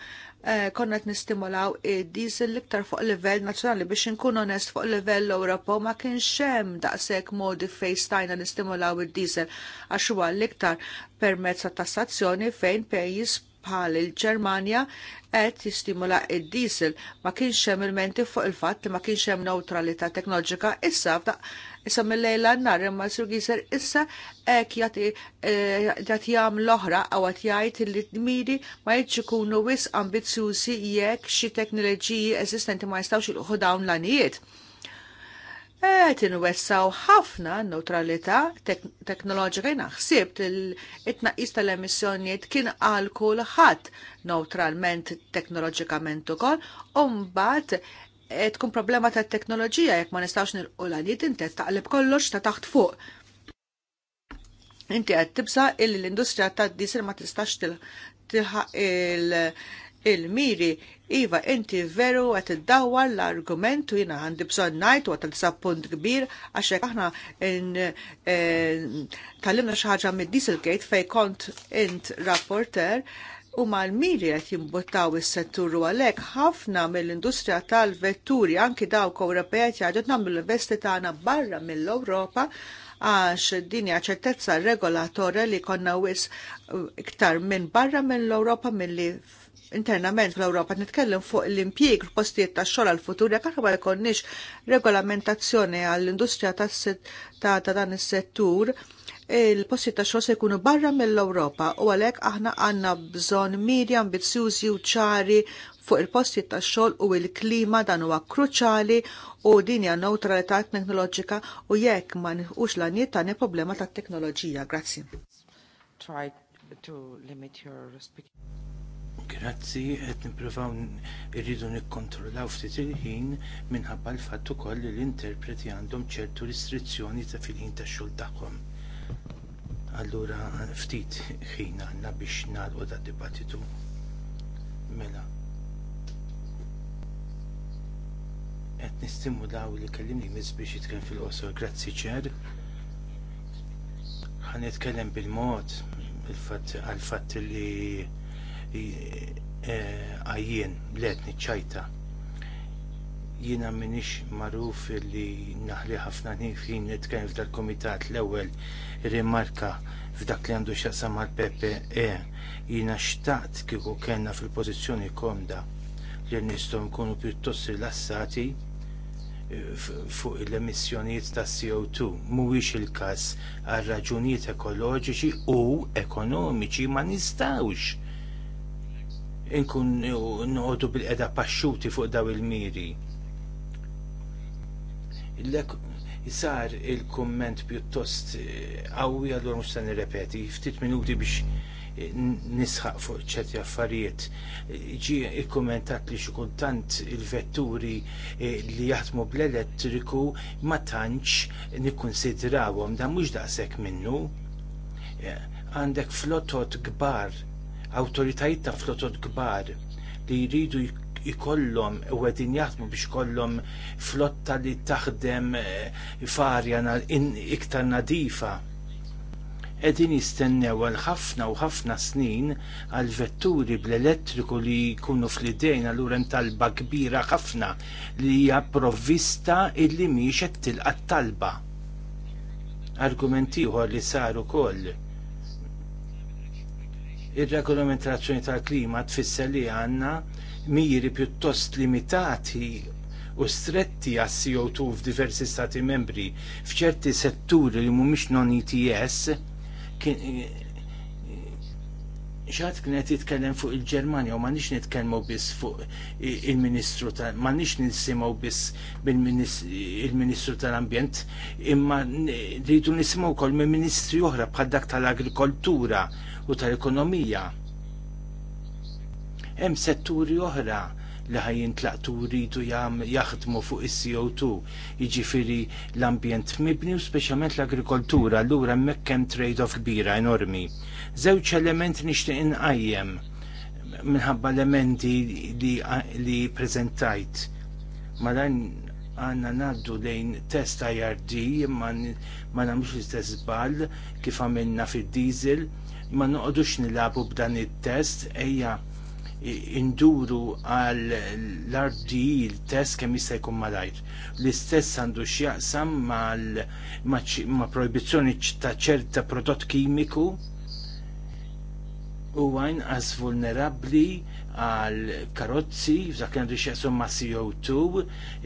Eh, konna qed nistimulaw id-diesel l-iktar fuq livell nazzjonali biex nkun onest fuq livell Ewropew ma kienx hemm daqshekk modi fejn stajna nistimulaw id-diesel għaxu għal l-iktar permezz ta' tassazzjoni fejn pejjiż bħal il-Ġermanja qed jistimula id-diesel ma kienx hemm il-menti fuq il-fatt li ma kienx hemm neutralità teknoloġika issa issa mill-lejla nar imma Sir Giser issa hekk jagħti eh, jam l-oħra għaw għat jgħid li d-miri ma jgħidx kunu wis ambizjuzi jekk xi teknoloġiji eżistenti ma jistgħux ilqu dawn l-għanijiet qed inwessaw ħafna neutralità teknoloġika jina ħsibt it-tnaqqis tal-emissjonijiet kien għal kulħadd neutralment teknoloġikament ukoll u mbagħad eh, tkun problema tat teknoloġija jekk ma nistgħux nilqu l-għaliet taqleb kollox ta' taħt fuq. Inti qed tibsa illi l-industrija tad-diesel ma tistax tilħaq il-miri Iva, inti veru għet id dawar l-argumentu jina għandi bżon najt u għat punt kbir għaxek aħna eh, tal-limna xaħġa mid dieselgate fej kont int rapporter u mal-miri għet jimbuttaw il-settur u għalek ħafna mill-industrija tal-vetturi anki dawk kowrapejt jgħidu namlu l-investi taħna barra mill-Ewropa għax dinja ċertezza regolatorja li konna wis iktar minn barra mill-Europa mill-li internament fl-Ewropa nitkellem fuq l-impjieg postijiet ta' xogħol għall futur jekk aħna ma jkollniex regolamentazzjoni għall-industrija ta' dan is-settur il-postijiet ta' xogħol se jkunu barra mill-Ewropa u għalhekk aħna għandna bżonn miri ambizzjużi u ċari fuq il-postijiet ta' xogħol u l-klima dan huwa kruċjali u din hija neutralità teknoloġika u jekk ma nħux l-għaniet tani problema tat-teknoloġija. Grazzi. Try to limit your Grazzi, qed nippruvaw irridu nikkontrollaw ftit il-ħin minħabba l-fatt ukoll li l-interpreti għandhom ċertu restrizzjoni ta' fil-ħin tax-xogħol tagħhom. Allura ftit ħin għandna biex nagħlqu da' dibattitu. Mela. qed nistimulaw li kellimni miss biex jitkellem fil-qosor. Grazzi ċer. Ħan nitkellem bil-mod għal-fatt li E, għajjien bliet niċċajta. Jiena minix maruf li naħli ħafna nifin nitkellem f'dal komitat l-ewwel rimarka f'dak li għandu xaqsam mal ppe jiena xtaqt kieku kellna fil-pożizzjoni komda li nistgħu nkunu pjuttost rilassati e, fuq l-emissjonijiet ta' CO2 mhuwiex il-każ għal raġunijiet ekoloġiċi u ekonomiċi ma nistawx inkun noqogħdu bil-qeda paxxuti fuq daw il-miri. Illek sar il-komment pjuttost eh, qawwi allura mhux se nirrepeti, ftit minuti biex eh, nisħaq fuq ċerti affarijiet. Ġi il-kommentat li xi il-vetturi eh, li jaħdmu bl-elettriku ma tantx nikkunsidrawhom dan mhux daqshekk minnu. Għandek flotot kbar awtoritajiet ta' flotot kbar li jridu jkollhom u qegħdin jaħdmu biex kollhom flotta li taħdem eh, farja iktar nadifa. Qegħdin jistennew għal ħafna u ħafna snin għal vetturi bl-elettriku li jkunu fl-idejn allura urem talba kbira ħafna li hija provvista illi miex qed tilqa' talba. Argumenti ieħor li sar ukoll Ir-regolamentazzjoni tal-klima tfisser li għandna miri pjuttost limitati u stretti għas CO2 f'diversi stati membri f'ċerti setturi li mhumiex non ETS ċat kienet jitkellem fuq il-Germania u manix nitkellmu biss fuq il-Ministru tal manix nisimaw biss bil-Ministru tal-Ambjent imma rridu nisimaw kol me ministri oħra bħal tal-Agrikoltura u tal-ekonomija. Hemm setturi oħra li ħajjin tlaqtu rridu jaħdmu fuq is-CO2, jiġifieri l-ambjent mibni u speċjalment l-agrikoltura, allura hemmhekk hemm trade-off kbira enormi. Żewġ element nixtieq inqajjem minħabba elementi li, li prezentajt. Malan għanna naddu lejn test IRD ma namlux l-istess bal kif għamilna fil-diesel ma noqogħdux nilabu b'dan it-test ejja induru għal l-ardi il-test kemm jista' jkun malajr. L-istess għandu x'jaqsam ma' proibizzjoni ta' ċerta prodott kimiku u għajn għas vulnerabli għal karozzi, f'dak li għandu ma' CO2,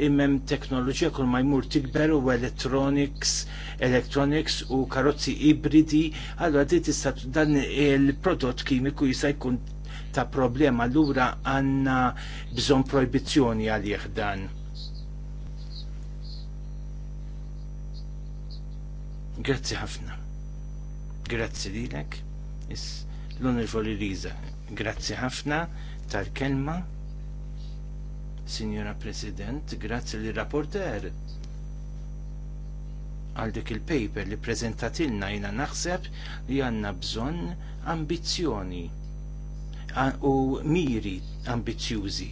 imem teknoloġija kull ma' jmur tikber u electronics, electronics u karozzi ibridi, għallura di tista' dan il-prodott kimiku jista' jkun ta' problema allura għanna bżon proibizjoni għal dan. Grazzi ħafna. Grazzi lilek. Is l-onorevoli Riza. Grazzi ħafna tal-kelma. Signora President, grazzi li rapporter għal dik il-paper li prezentatilna jina naħseb li għanna bżon ambizjoni u miri ambizjuzi.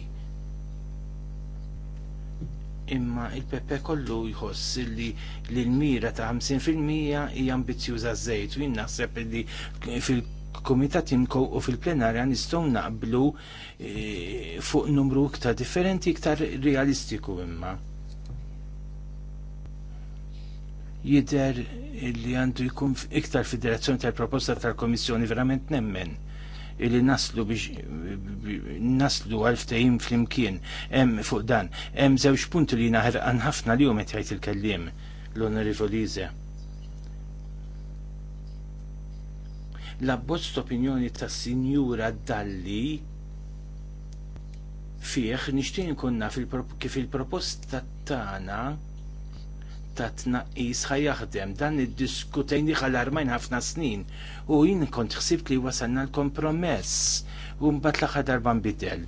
Imma il-Pepe kollu jħoss li l-mira ta' 50% hija ambizjuża żejt u jien naħseb li fil- kumitat imkow u fil-plenarja nistgħu naqblu e, fuq numru ktar differenti iktar realistiku imma. Jider li għandu jkun iktar federazzjoni tal-proposta tal-Komissjoni verament nemmen li naslu biex naslu għalftejn fl-imkien fuq dan hemm żewġ punti li naħrqan ħafna li qed jgħid il-kelliem l onorivoli l-abbozz opinjoni ta' Sinjura Dalli fih nixtieq nkunna kif il-proposta tagħna ta' tnaqqis ħajjaħdem dan id-diskutejn ħal-armajn ħafna snin u jien kont ħsibt li wasalna l-kompromess u mbagħad l-aħħar darba nbidel.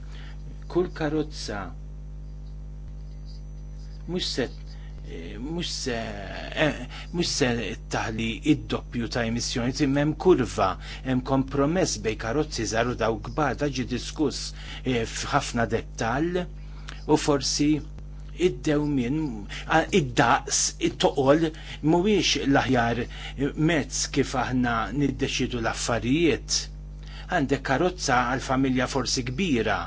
Kull karozza mhux set Eh, mux se, eh, se taħli id-doppju ta' emissjoni timmem kurva, hemm kompromess bej karozzi zaru daw kbar ta' ġi diskuss eh, f'ħafna dettal u forsi id-dew minn id-daqs, it-toqol, mhuwiex l-aħjar mezz kif aħna niddeċidu l-affarijiet. Għandek karozza għal familja forsi kbira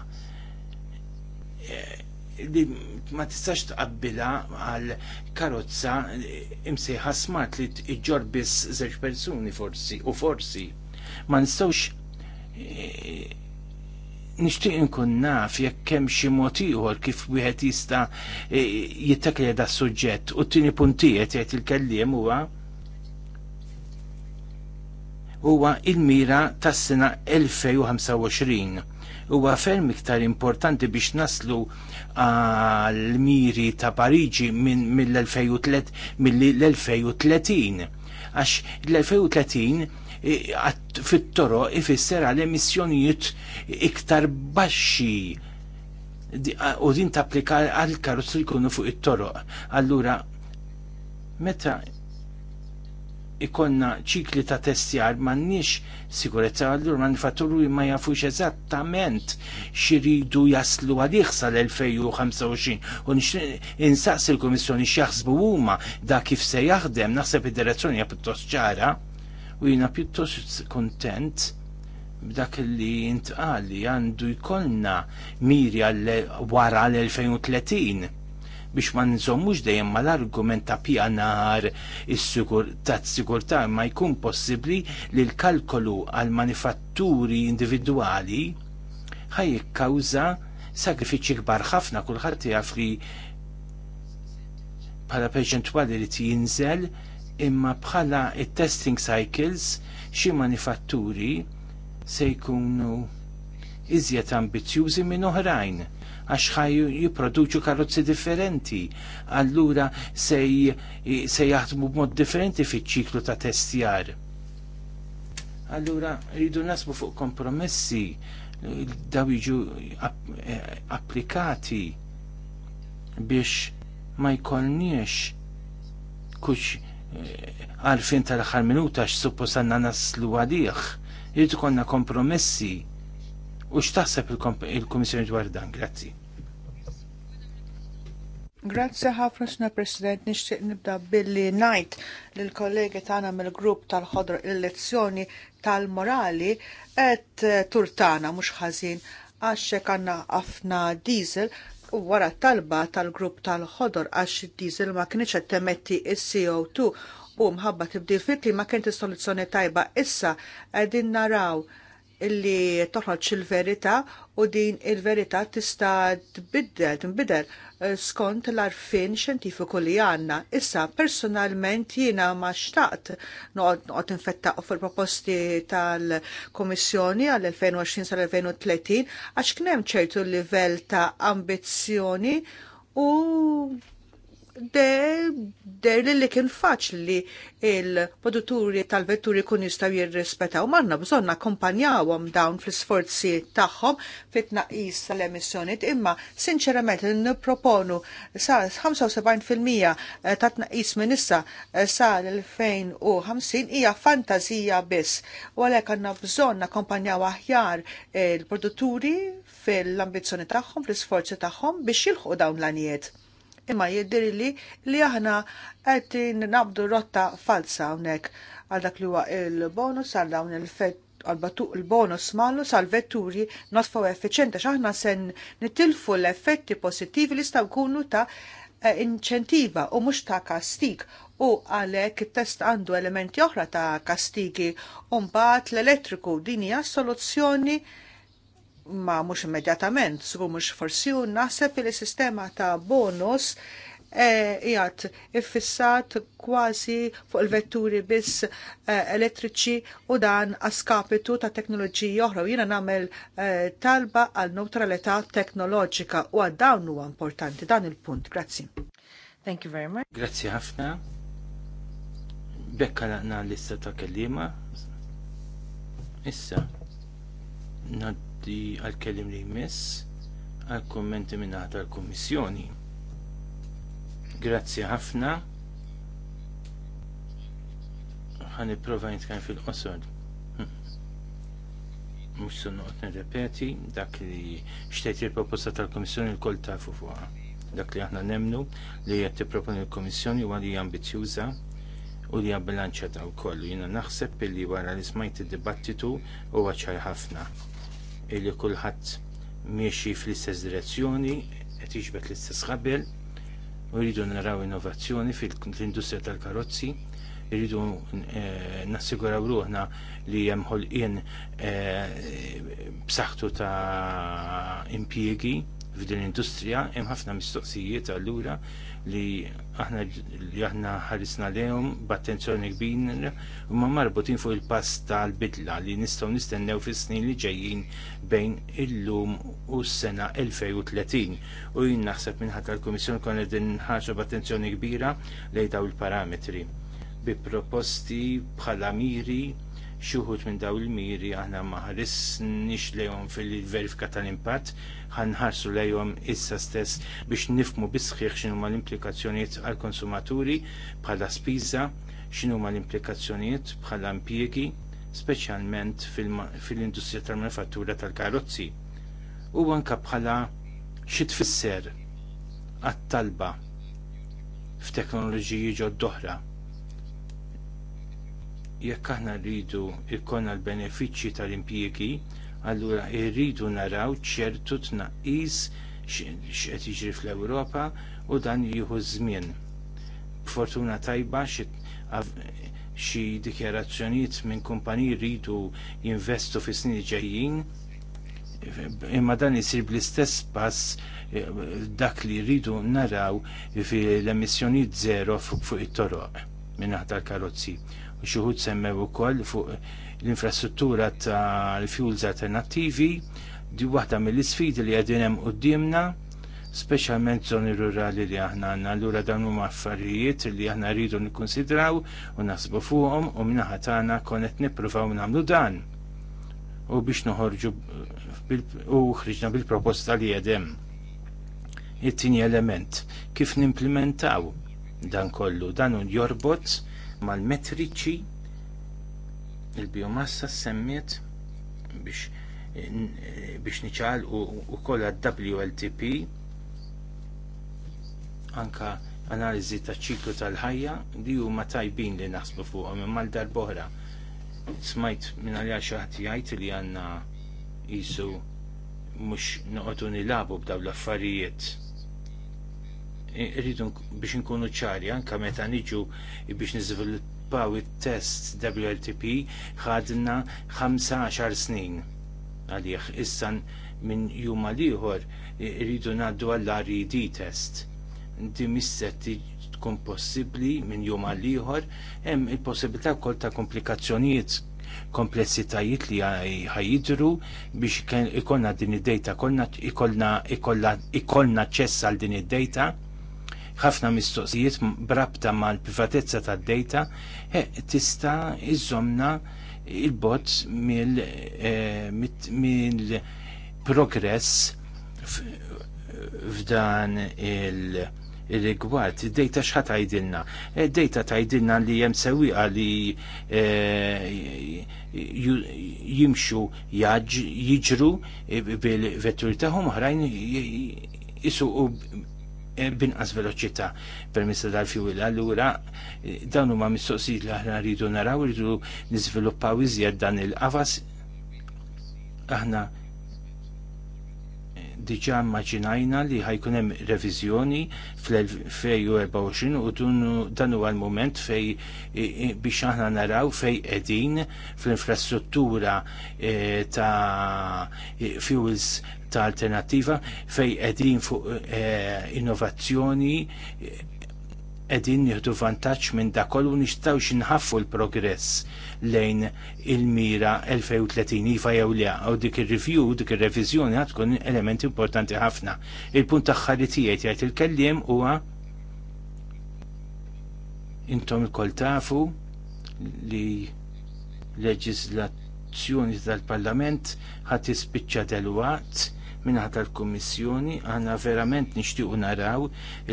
ma tistax tqabbilha għal karozza imsejħa smart li tġor biss żewġ persuni forsi u forsi ma nistawx eh, nixtieq inkun naf jekk hemm xi mod ieħor kif wieħed jista' eh, jittakle da suġġett u t-tieni puntijiet qed il-kelliem huwa huwa il-mira tas-sena 2025. Huwa ferm iktar importanti biex naslu għal-miri ta' Pariġi minn mill-2030. Għax l-2030 fit-toro ifisser għal emissjonijiet iktar baxxi u din tapplika għal karozzi jkunu fuq it-toroq. Allura, meta ikonna ċikli ta' testjar m'għandniex sigurezza għallur nifatturu ma jafux eżattament xiridu jaslu għalih sal-2025 u insaqs il-Komissjoni x'jaħsbu huma da kif se jaħdem naħseb id-direzzjoni hija pjuttost ċara u jiena pjuttost kontent b'dak li intqali għandu jkollna miri għal wara l-2030 biex ma nżommux dejjem mal-argument ta' pjanar tas-sigurtà ma jkun possibbli li l-kalkolu għal manifatturi individwali ħaj kawża sakrifiċi kbar ħafna kulħadd jaf li bħala perċentwali li jinżel imma bħala il-testing cycles xi manifatturi se jkunu iżjed ambizjużi minn oħrajn għax ħaj jipproduċu karozzi differenti. Allura se jaħdmu b'mod differenti fiċ-ċiklu ta' testjar. Allura rridu nasbu fuq kompromessi daw jiġu applikati biex ma jkollniex kux eh, għalfin tal-axar minuta x-suppos għanna naslu għadiħ irrid konna kompromessi u x'taħseb il-Komissjoni dwar dan, grazzi. Grazzi ħafna xna President, nixtieq nibda billi najt lill kollegi tagħna mill-grupp tal-ħodra il-lezzjoni tal-morali qed eh, turtana mhux ħażin għax għandna ħafna diesel u wara talba tal-grupp tal-ħodor għax diesel ma kienx qed temetti s co 2 u mħabba tibdil fitli ma kien is-soluzzjoni tajba issa qegħdin naraw illi toħroġ il-verità u din il-verità tista' tbiddel, tinbidel eh, skont l-arfin xjentifiku li għandna. Issa personalment jiena ma xtaqt noqgħod infettaq fil-proposti tal-Kummissjoni għal-2020 sal-2030 għax kien hemm ċertu livell ta' ambizzjoni u der de li li kien faċli li il-produtturi tal-vetturi kun jistaw jirrispetaw. Marna bżonna kompanjawom dawn fl-sforzi tagħhom fit-naqis tal-emissjoniet imma sinċerament nipproponu sa 75% eh, ta' tnaqis minn issa eh, sa l-2050 hija fantazija biss. U għalhekk għandna bżonna kompanjaw aħjar il-produtturi fil-ambizzjoni tagħhom, fl-isforzi tagħhom biex jilħu dawn l-anijiet imma jiddirili li aħna qed nabdu rotta falsa hawnhekk għal dak li huwa il-bonus għal dawn il-fett għal il-bonus mallu sal-vetturi nosfaw effiċenta xaħna sen nitilfu l-effetti pozittivi li staw kunu ta' eh, inċentiva u mux ta' kastik u għalek il-test għandu elementi oħra ta' kastigi un bat l-elettriku dini għas soluzzjoni ma mhux immedjatament, sigur mhux forsi u naħseb li sistema ta' bonus eh, jgħat iffissat kważi fuq il-vetturi biss eh, elettriċi u dan askapitu ta' teknoloġiji oħra u jiena nagħmel eh, talba għal neutralità teknoloġika u għad dawn huwa importanti dan il-punt. Grazzi. Thank you very much. Grazzi ħafna. Bekka laqna l-lista ta' kellima. Issa, ngħaddi għal-kelim li jmiss għal-kommenti minna tal-Kummissjoni. Grazzi ħafna. Ħan ipprova nitkellem fil qosod Mhux se noqgħod nirrepeti dak li xtejt il-proposta tal-Kummissjoni l-kol tafu fuqha. Dak li aħna nemnu li qed tipproponi l-Kummissjoni huwa li ambizjuża u li għabbilanċa ta' u kollu. Jina naħseb li wara li smajt il dibattitu u għacħar ħafna illi kulħadd miexi fl-istess direzzjoni, qed jiġbed l-istess ħabel, u rridu naraw innovazzjoni fil-industrija tal-karozzi, rridu eh, nassiguraw ruħna li hemm ħolqien eh, b'saħħtu ta' impjiegi f'din l-industrija hemm ħafna mistoqsijiet allura li aħna li aħna ħarisna lehom b'attenzjoni kbir huma marbutin fuq il-pass tal-bidla li nistgħu nistennew fis-snin li ġejjin bejn illum u s-sena 2030 u jien naħseb minħatta tal kummissjoni kon qegħdin ħaġa b'attenzjoni kbira lejn daw il-parametri bi proposti bħala miri xuħut minn daw il-miri aħna maħaris nix lejhom fil-verifika tal-impatt ħanħarsu lejhom issa stess biex nifmu bisħiħ x'inhu ma l-implikazzjonijiet għall konsumaturi bħala spiża, x'inhu ma l-implikazzjonijiet bħala impjiegi, speċjalment fil-industrija tal-manifattura tal-karozzi. U anke bħala xi tfisser għat-talba f'teknoloġiji ġoddoħra. oħra jekk aħna rridu jkollna l-benefiċċji tal-impjiegi, allura rridu naraw ċertu tnaqqis x'qed jiġri fl-Ewropa u dan jieħu żmien. B'fortuna tajba xi dikjarazzjonijiet minn kumpaniji rridu jinvestu fi snin ġejjin, imma dan isir bl-istess pass eh, dak li rridu naraw fil emissjonijiet zero fuq it-toroq minn aħdar karozzi u xuħud semmew ukoll fuq l-infrastruttura tal-fuels alternattivi di waħda mill-isfidi li għadin hemm dimna speċjalment żoni rurali li aħna l allura dawn huma affarijiet li aħna rridu nikkonsidraw u naħsbu fuqhom u minnaħa tagħna konet nippruvaw nagħmlu dan. U biex noħorġu u ħriġna bil-proposta li għedem It-tieni element kif nimplementaw dan kollu dan jorbot mal-metriċi il-biomassa semmiet biex eh, eh, biex niċal u, u kolla WLTP anka analizi ta' ċiklu tal-ħajja li huma tajbin li naħsbu fuqhom imma mal darboħra smajt minn li xaħat jgħid li għanna jisu mux noqotu nilabu b'daw l-affarijiet irridu biex nkunu ċari anka meta niġu biex niżviluppaw it-test WLTP ħadna 15 snin għalih issa minn juma liħor irridu ngħaddu għall-RED test. inti misset tkun possibbli minn jum għal ieħor hemm il-possibilità wkoll ta' komplikazzjonijiet komplessitajiet li ħajidru biex ikollna din id dejta ikollna ikollna ċess għal din id dejta ħafna mistoqsijiet brabta mal-privatezza tad-data tista' iżomna il-bot mill-progress eh, f'dan il- il-rigward, id-dejta xħa tajdilna? Id-dejta eh, tajdilna li jem sewiqa li eh, jimxu jiġru bil vetturi taħum ħrajn jisuqu Eh, binqas veloċità permezz tal fjuwil Allura eh, dawn huma mistoqsijiet li aħna rridu naraw, rridu niżviluppaw iżjed dan il-qafas aħna diġa maġinajna li ħajkun hemm reviżjoni fl-2024 u dunu dan huwa l-moment fej biex aħna naraw fej qegħdin fl-infrastruttura e, ta' fuels ta' alternativa fej qegħdin fuq e, innovazzjoni edin nieħdu vantaġġ minn dakollu u nixtawx nħaffu l-progress lejn il-mira 2030 iva jew le u dik ir-review, dik ir-reviżjoni għad tkun element importanti ħafna. Il-punt aħħar li tiegħed jgħid il-kelliem huwa intom il tafu li leġislazzjoni tal-Parlament ħadd ispiċċa delwaqt minna tal-Kummissjoni għana verament nixtiequ naraw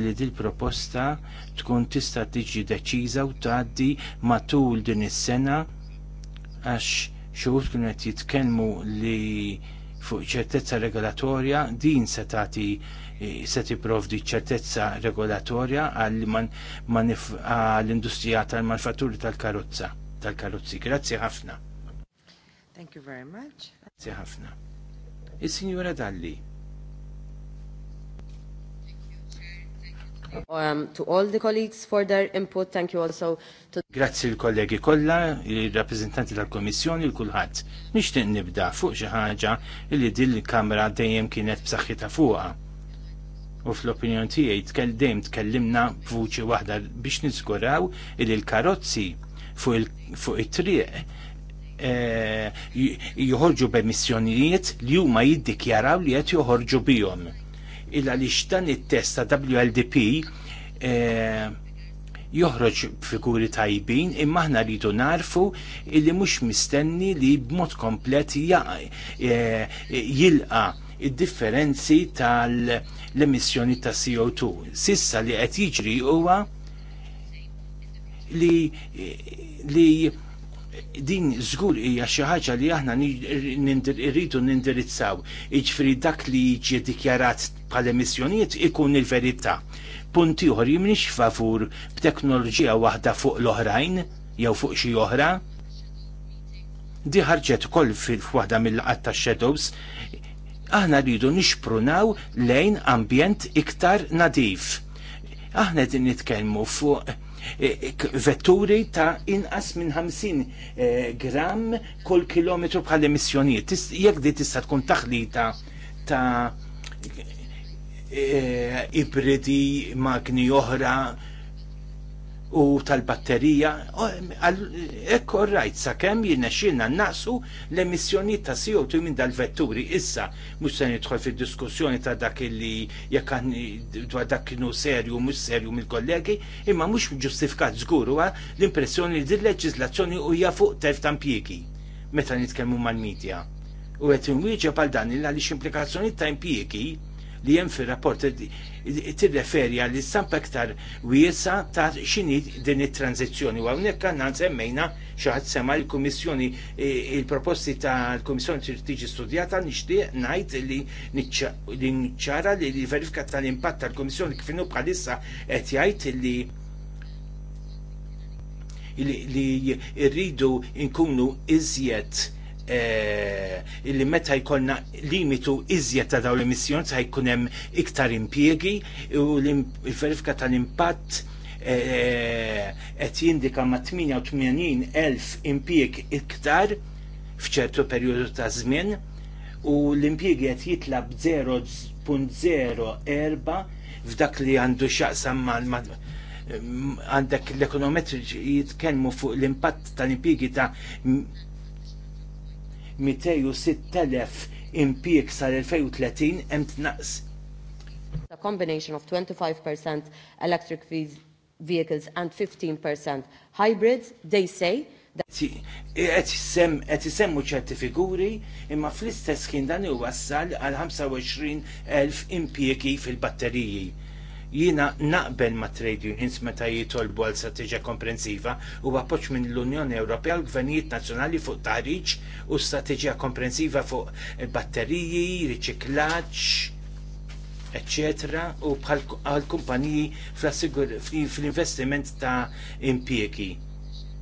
li dil proposta tkun tista' tiġi deċiża u tgħaddi matul din is-sena għax xogħol kienu qed jitkellmu li fuq ċertezza regolatorja din se tagħti eh, se tipprovdi ċertezza regolatorja għall-industrija tal manfatturi tal-karozza tal-karozzi. Grazzi ħafna. Thank you very much. Grazzi ħafna is signora Dalli. Um, to all the colleagues for their input. Thank you also to Grazzi l-kollegi kollha, il-rappreżentanti tal-Kommissjoni l kulħadd. Nixtieq nibda fuq xi ħaġa li din il-Kamra dejjem kienet b'saħħitha fuqha. U fl-opinjoni tiegħi tkell dejjem tkellimna b'vuċi waħda biex niżguraw li l-karozzi fuq it-triq Eh, joħorġu missjonijiet li huma jiddikjaraw li qed joħorġu bihom. Illa li dan it-test ta' WLDP eh, joħroġ figuri tajbin imma aħna rridu narfu illi mhux mistenni li b'mod komplet eh, jilqa id-differenzi tal-emissjoni ta' CO2. Sissa li qed jiġri huwa li li din żgur hija xi ħaġa li aħna irridu nindirizzaw. Jiġifieri dak li jiġi dikjarat bħal emissjonijiet ikun il-verità. Punt ieħor jimniex favur b'teknoloġija waħda fuq l-oħrajn jew fuq xi oħra. Di ħarġet ukoll fil-waħda mill-qatt tax-shadows aħna rridu nixprunaw lejn ambjent iktar nadif. Aħna din nitkellmu fuq Eh, vetturi ta' inqas minn 50 eh, gram kol kilometru bħal emissjonijiet. Jekk di tista' tkun taħlita ta' eh, ibridi, magni oħra, u tal-batterija, Ekko rajt sakemm jinnexxilna naqsu l-emissjoni ta' CO2 minn dal-vetturi. Issa mhux se nidħol fid-diskussjoni ta' dak li jekk dwar dak kienu serju mhux serju mill-kollegi, imma mhux ġustifikat zguru l-impressjoni li din leġiżlazzjoni u fuq terf ta' impjiegi meta nitkellmu mal-medja. U qed inwieġeb għal dan il għalix implikazzjoni ta' impjiegi li jem fil-rapport tirreferi għal sampa aktar wiesa ta' xini din it-tranzizjoni. U għawnek għanna semmejna xaħat sema l-Komissjoni e, il-proposti ta' l-Komissjoni t-tiġi studjata nishtiq najt li nċara li li verifika tal-impatt tal-Komissjoni kifinu bħalissa qed jgħid li li rridu inkunu iżjed Eh, illi meta jkollna limitu iżjed ta' dawn l-emissjoni ta' jkun hemm iktar impjiegi u l-verifika tal-impatt eh, qed jindika ma' 88 elf impjieg iktar f'ċertu perjodu ta' żmien u l-impjiegi qed jitlab 0.04 f'dak li għandu x'aqsam ma' għandek l ekonometriċi jitkellmu fuq l-impatt tal-impjiegi ta' 206,000 impjieg sal-2030 hemm tnaqs. A combination of 25% electric vehicles and 15% hybrids, they say qed isemmu ċerti figuri imma fl-istess kien dan iwassal għal 25,000 impjiegi fil-batteriji. Jiena naqbel ma' trade unions meta jitolbu għal strateġija komprensiva u appoġġ minn l-Unjoni Ewropea l gvernijiet nazzjonali fuq tariġ u strateġija komprensiva fuq batteriji, riċiklaġġ, eccetera, u bħal kumpaniji fl-investiment ta' impieki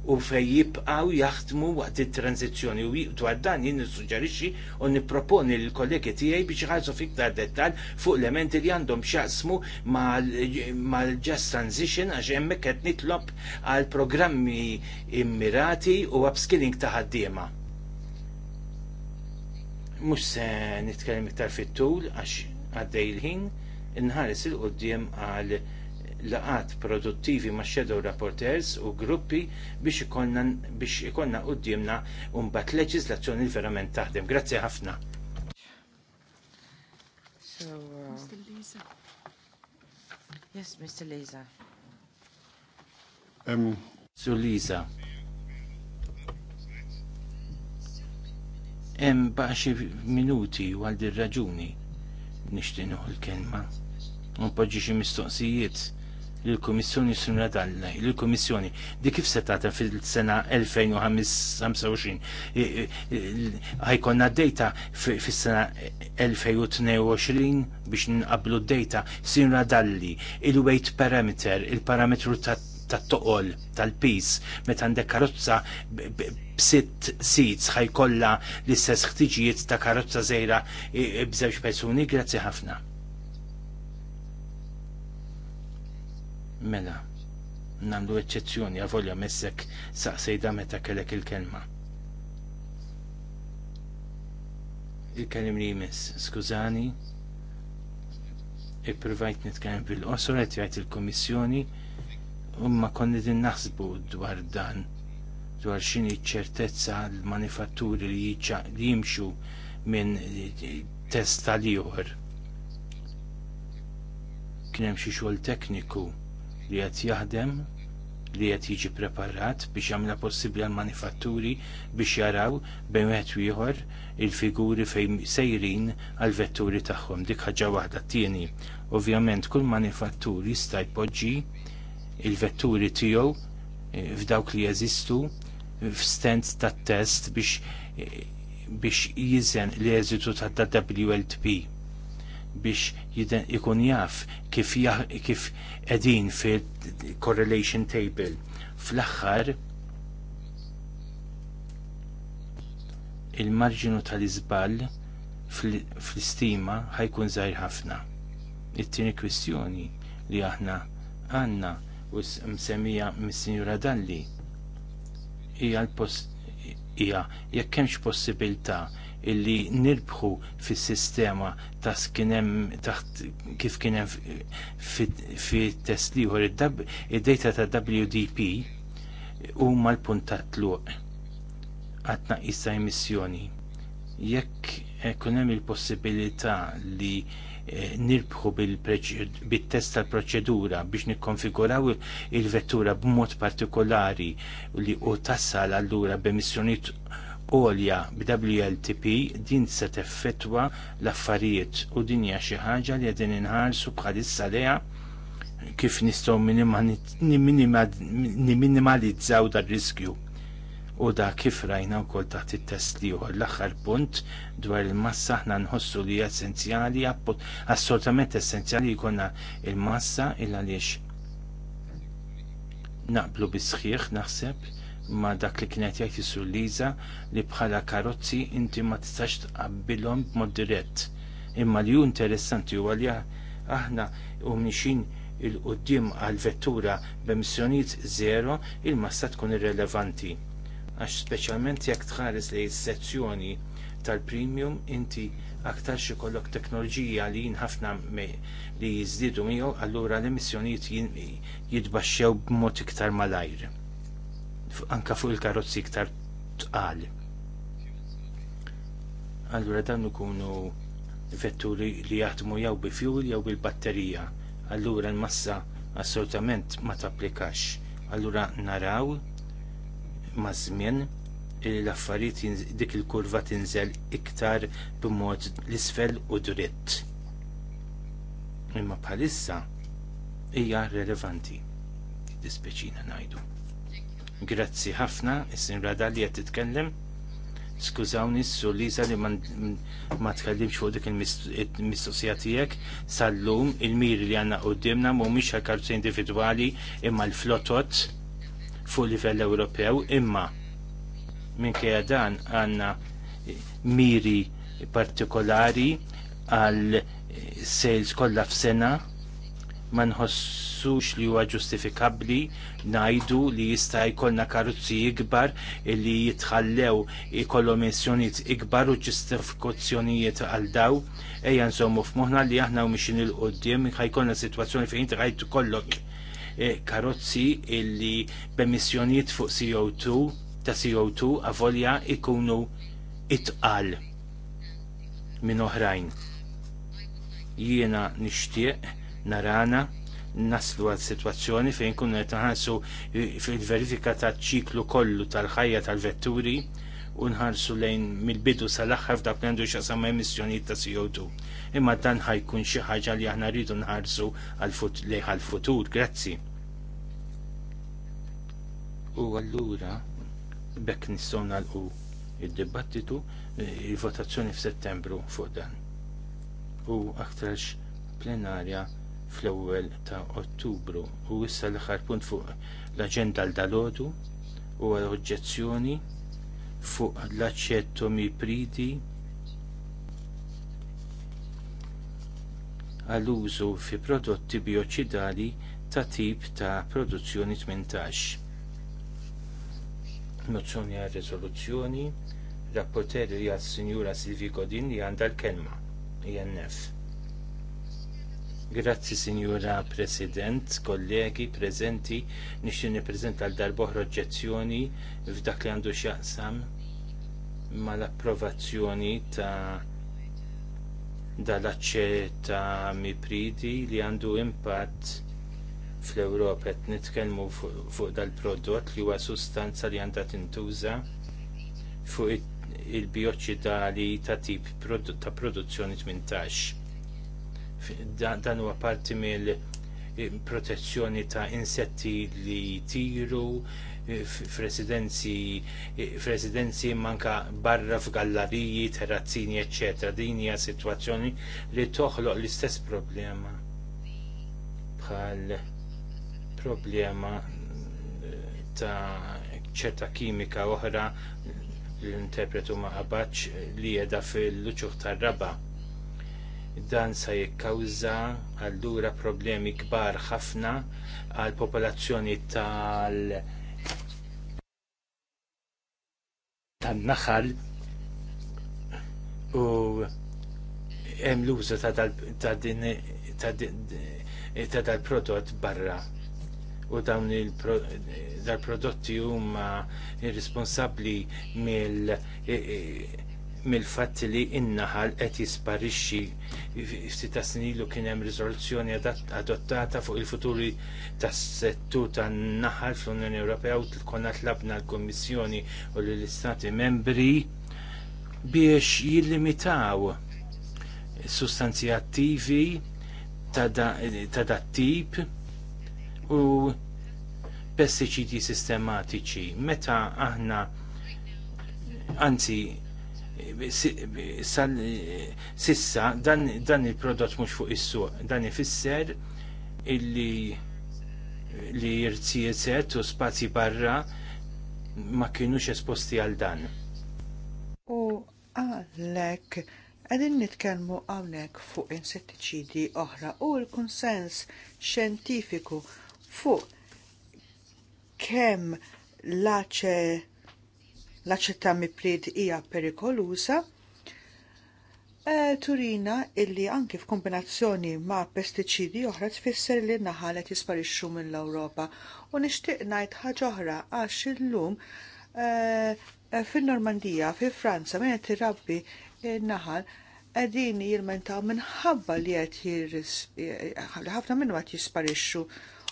u fej jibqaw jaħdmu waqt it-tranzizzjoni u dwar dan jien nissuġġerixxi u nipproponi l kollegi tiegħi biex ħarsu fiktar dettal fuq elementi li għandhom x'jaqsmu mal-just transition għax hemmhekk qed nitlob għal programmi immirati u upskilling ta' ħaddiema. Mhux se nitkellem iktar fit-tul għax għaddej il-ħin inħares il-qudiem għal laqat produttivi ma' shadow rapporteurs u gruppi biex ikonna biex ikonna qudiemna leġislazzjoni li verament taħdem. Grazzi ħafna. So, uh, yes, Mr. Lisa. Um, so Lisa. Hemm baxi minuti għal dir raġuni nixtieq l-kelma. Un poġġi xi mistoqsijiet l-Komissjoni sunna dalna, l-Komissjoni di kif setata fil-sena 2025 Għajkonna d-dejta fil-sena 2022 biex nqablu d-dejta sinra dalli il-weight parameter, il-parametru ta' toqol tal-pis, meta għandek karozza b'sitt seats ħajkolla l-istess ħtiġijiet ta' karozza zejra b'żewġ persuni, grazzi ħafna. Mela, namlu eċċezzjoni għavolja messek saqsejda meta kellek il-kelma. Il-kelim li jmiss, skużani, i-provajt nitkellem bil-qosor, għet jgħajt il-komissjoni, umma konni din naħsbu dwar dan, dwar xini ċertezza l-manifatturi li jimxu minn testa li Kien hemm xi xogħol tekniku li qed jaħdem li qed jiġi preparat biex jagħmilha possibbli għal manifatturi biex jaraw bejn wieħed u ieħor il-figuri fejn sejrin għal vetturi tagħhom dik ħaġa waħda t-tieni. Ovvjament kull manifattur jista' jpoġġi il-vetturi tiegħu eh, f'dawk li jeżistu f'stent tat-test biex eh, biex jizen l-eżitu ta' WLTP biex ikun jaf kif, jah, kif edin fil-correlation table. Fl-axħar, il-marġinu tal-izbal fl-istima ħajkun zaħir ħafna. It-tieni kwistjoni li aħna għanna u msemmija mis-Sinjura Dalli hija l-post hija jekk hemmx possibilità illi nirbħu fis-sistema ta' skinem taħt kif kien hemm fit-test ieħor id-data ta' WDP huma l-punt ta' tluq għat emissjoni. Jekk kunem il possibilita li eh, nirbħu bil-test tal-proċedura biex nikkonfiguraw il-vettura b'mod partikolari li u tassal allura b'emissjoni għolja b'WLTP din se teffettwa l-affarijiet u din hija xi ħaġa li qegħdin inħarsu bħalissa leha kif nistgħu nimminimalizzaw dar riskju u da kif rajna wkoll taħt it-test liħor l-aħħar punt dwar il-massa aħna nħossu li essenzjali assolutament essenzjali jkollna il-massa il għaliex naqblu bisħiħ naħseb ma dak li kienet jgħid isur liża li bħala karozzi inti ma tistax tqabbilhom b'mod dirett. Imma li hu interessanti huwa li aħna u mixin il qudiem għal vettura b'emissjonijiet zero il-massa tkun irrelevanti. Għax speċjalment jekk tħares li sezzjoni tal-premium inti aktar ikollok teknoloġija li ħafna li jiżdiedu miegħu allura l-emissjonijiet jitbaxxew b'mod iktar malajr anka fuq il-karozzi iktar tqal. Allura dan ikunu vetturi li jaħdmu jew bi fuel jew bil-batterija. Allura l-massa assolutament ma tapplikax. Allura naraw ma' żmien l-affarijiet dik il-kurva tinżel iktar b'mod l-isfel u dritt. Imma bħalissa hija relevanti. Dispeċina ngħidu. Grazzi ħafna, is rada li qed titkellem. Skużawni s Liza li ma tkellimx fuq dik il mistoqsijatijek tiegħek sal-lum il-miri li għandna mu mhumiex ħakartu individwali imma l-flotot fuq livell Ewropew imma minkejja dan għandna miri partikolari għal sales kollha f'sena ma nħossux li huwa ġustifikabbli ngħidu li jista' jkollna karozzi ikbar li jitħallew ikollhom missjonijiet ikbar u ġustifikazzjonijiet għal daw ejja nżommu f'moħħna li aħna mixin il qudiem ħajkollna sitwazzjoni fejn tgħid kollok e, karozzi illi b'emissjonijiet fuq CO2 ta' CO2 avolja ikunu itqal minn oħrajn. Jiena nixtieq narana naslu għal situazzjoni fejn kunna qed nħarsu eh, fil-verifika taċ-ċiklu kollu tal-ħajja tal-vetturi u nħarsu lejn mill-bidu sal-aħħar f'dak li għandu x'aqsam emissjonijiet ta' CO2. Imma dan ħajkun xi ħaġa li aħna rridu nħarsu lejn għall-futur. Grazzi. U allura bekk nistgħu nagħlqu id-dibattitu eh, il-votazzjoni f'Settembru fuq dan. U aktarx plenarja fl-ewwel ta' Ottubru u issa l-aħħar punt fuq l-aġenda l dalodu u oġġezzjoni fuq l pridi għall-użu fi prodotti bioċidali ta' tip ta' produzzjoni 18. Mozzjoni għal riżoluzzjoni rapporteri għal sinjura Silvi Godin li għandha l-kelma INF. E Grazzi Sinjura President, kollegi prezenti, nixtieq nippreżenta għal darbohra oġġezzjoni f'dak li għandu x'jaqsam mal-approvazzjoni ta' dal-aċċett ta' mipridi li għandu impatt fl-Ewropa qed nitkellmu fuq dal-prodott li huwa sustanza li għandha tintuża fuq il-bioċidali ta' tip ta' produzzjoni 18 dan huwa parti mill eh, protezzjoni ta' insetti li tiru eh, eh, f'residenzi manka barra f'gallariji, terrazzini, ecc. Din hija sitwazzjoni li toħloq l-istess problema bħal problema ta' ċerta kimika oħra l-interpretu ma' abaċ li jeda fil-luċuħ tar-raba' dan se jikkawża allura problemi kbar ħafna għall popolazzjoni tal tan-naħal u hemm l-użu ta' dal-prodott barra u dawn il-prodotti huma irresponsabbli mill mill-fatt li in-naħal qed jisparixxi f'sita snilu kien hemm riżoluzzjoni adottata fuq il-futuri tas-settur tan-naħal fl-Unjoni Ewropea u konna tlabna l-Kummissjoni u lill-Istati membri biex jillimitaw sustanzi attivi ta' dat tip u pestiċidi sistematiċi. Meta aħna anzi sissa dan, dan il-prodott mhux fuq is-suq, dan ifisser illi li jirtieset u spazi barra ma kienux esposti għal dan. U għalek, għedin nitkelmu għawnek fuq insettiċidi oħra u l-konsens xentifiku fuq kem laċe la ċittà mipliet hija perikoluża e, turina illi anki f'kombinazzjoni ma' pestiċidi oħra tfisser li naħalet jisparixxu mill-Ewropa. U nixtieq ngħid ħaġa oħra għax illum e, e, fin-Normandija, fi Franza, minn qed irabbi naħal qegħdin jilmentaw minħabba li qed ħafna minnu qed jisparixxu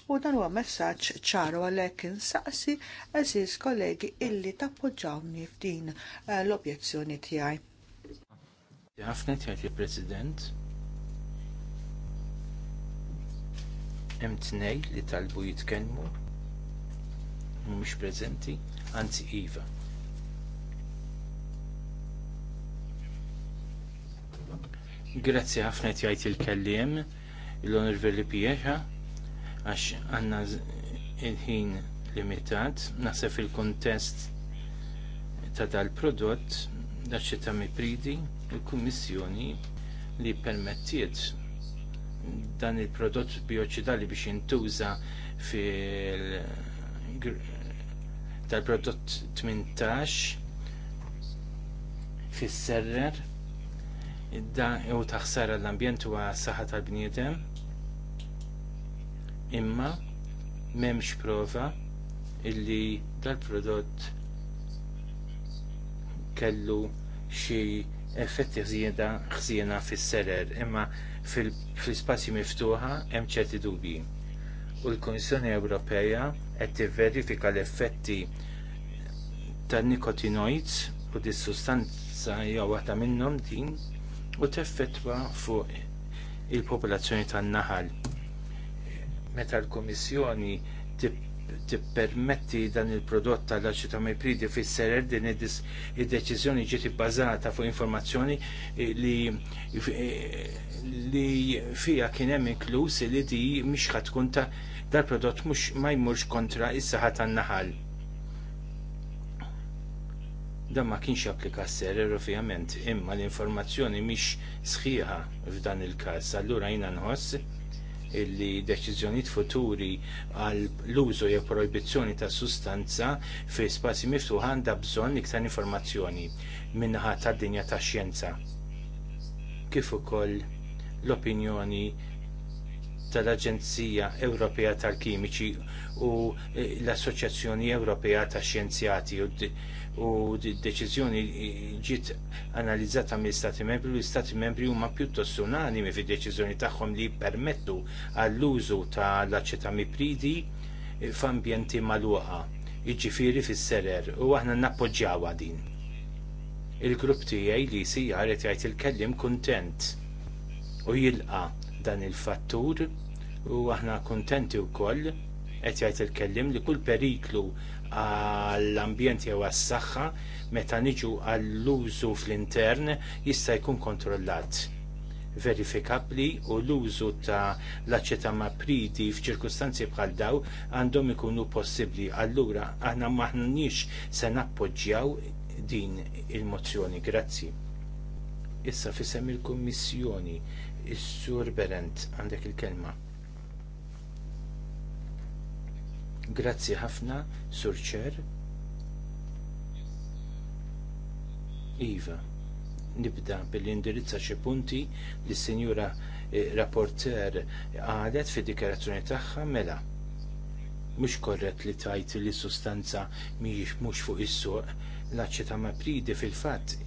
u dan huwa messaġġ ċaru għalhekk insaqsi eżis kollegi illi tappoġġawni f'din eh, l-objezzjoni tiegħi. Ħafna tgħid il-President. Hemm tnej li talbu jitkellmu mhumiex preżenti, anzi iva. Grazzi ħafna tgħid il-kelliem l-Onorveli Pieħa għax għanna il-ħin limitat, naħseb fil-kontest ta' dal-prodott, daċċi ta' mipridi, il-Kummissjoni li permettiet dan il-prodott bioċidali biex jintuża fil tal-prodott 18 fis-serrer da u taħsara l-ambjent u saħħa tal-bniedem imma m'hemmx prova illi dal-prodott kellu xi effetti ħsieda ħsiena fis-serer, imma fil-spazji miftuħa hemm ċerti dubji. U l-Kummissjoni Ewropea qed tivverifika l-effetti tan-nikotinoids u dis-sustanza hija ta' minnhom din u teffettwa fuq il-popolazzjoni tan-naħal meta l-Komissjoni tippermetti dan il-prodott tal-aċetamiprid fisser din id-deċiżjoni ġiet ibbażata fuq informazzjoni li li fija kien hemm inkluż li di mhix ħadd tkun ta' dal-prodott mhux ma jmurx kontra is-saħħa tan-naħal. Dan ma kienx applika s ser ovvjament, imma l-informazzjoni mhix sħiħa f'dan il-każ, allura jiena nħoss Illi deċiżjonijiet futuri għal l-użu jew proibizzjoni ta' sustanza fi spazi miftuħ għandha bżonn iktar informazzjoni minnaħa ta' dinja tax-xjenza. Kif ukoll l-opinjoni tal-Aġenzija Ewropea tal-Kimiċi u l-Assoċjazzjoni Ewropea tax Xjenzjati u u d-deċiżjoni ġiet analizzata mill-Stati membri u l-Stati membri huma pjuttost unanimi fid-deċiżjoni tagħhom li jippermettu għall-użu ta' tal-aċetamipridi f'ambjenti magħluqa, jiġifieri fis-serer u aħna nappoġġjawha din il-grupp tiegħi li sija qed jgħid il-kellim kuntent u jilqa dan il-fattur u aħna kuntenti wkoll qed jgħid il-kellim li kull periklu għall-ambjent jew għas-saħħa meta niġu għall-użu fl-intern jista' jkun kontrollat verifikabbli u l-użu ta' l-aċetamapridi f'ċirkustanzi bħal daw għandhom ikunu possibbli. Allura aħna maħnix se nappoġġjaw din il-mozzjoni. Grazzi. Issa fissem il-Kummissjoni, il sur Berend, għandek il-kelma. Grazzi ħafna, Surċer. Iva, nibda bil-indirizza xi punti li s senjura eh, rapporter għadet fi dikarazzjoni tagħha mela mhux korrett li tajt li sustanza mhijiex mhux fuq is-suq l-aċċeta mapridi fil-fatt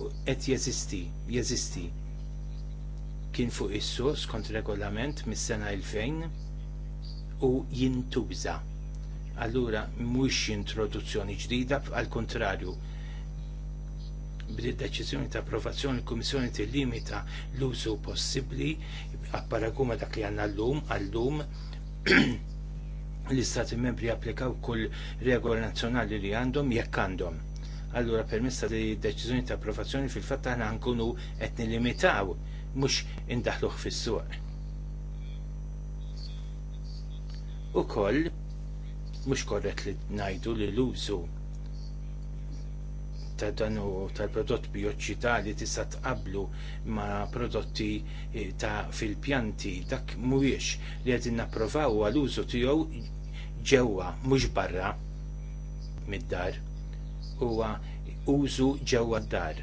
qed jeżisti, jeżisti. Kien fuq is-suq skont regolament mis-sena 2000 u jintuża. Allura mhux introduzzjoni ġdida, għal kontrarju bid-deċiżjoni ta' approvazzjoni l-Kummissjoni tillimita l-użu possibbli apparaguma dak li għandna llum għallum l-istati membri applikaw kull regola nazzjonali li għandhom jekk għandhom. Allura permessa li d-deċiżjoni ta' approvazzjoni fil-fatt aħna nkunu qed nilimitaw mhux indaħluh fis-suq. U koll, mux korret li najdu li l-użu ta' danu tal-prodott bioċidali tista' tqablu ma' prodotti eh, ta' fil-pjanti dak mhuwiex li qegħdin napprovaw għal użu tiegħu ġewwa mhux barra mid-dar huwa użu ġewwa d-dar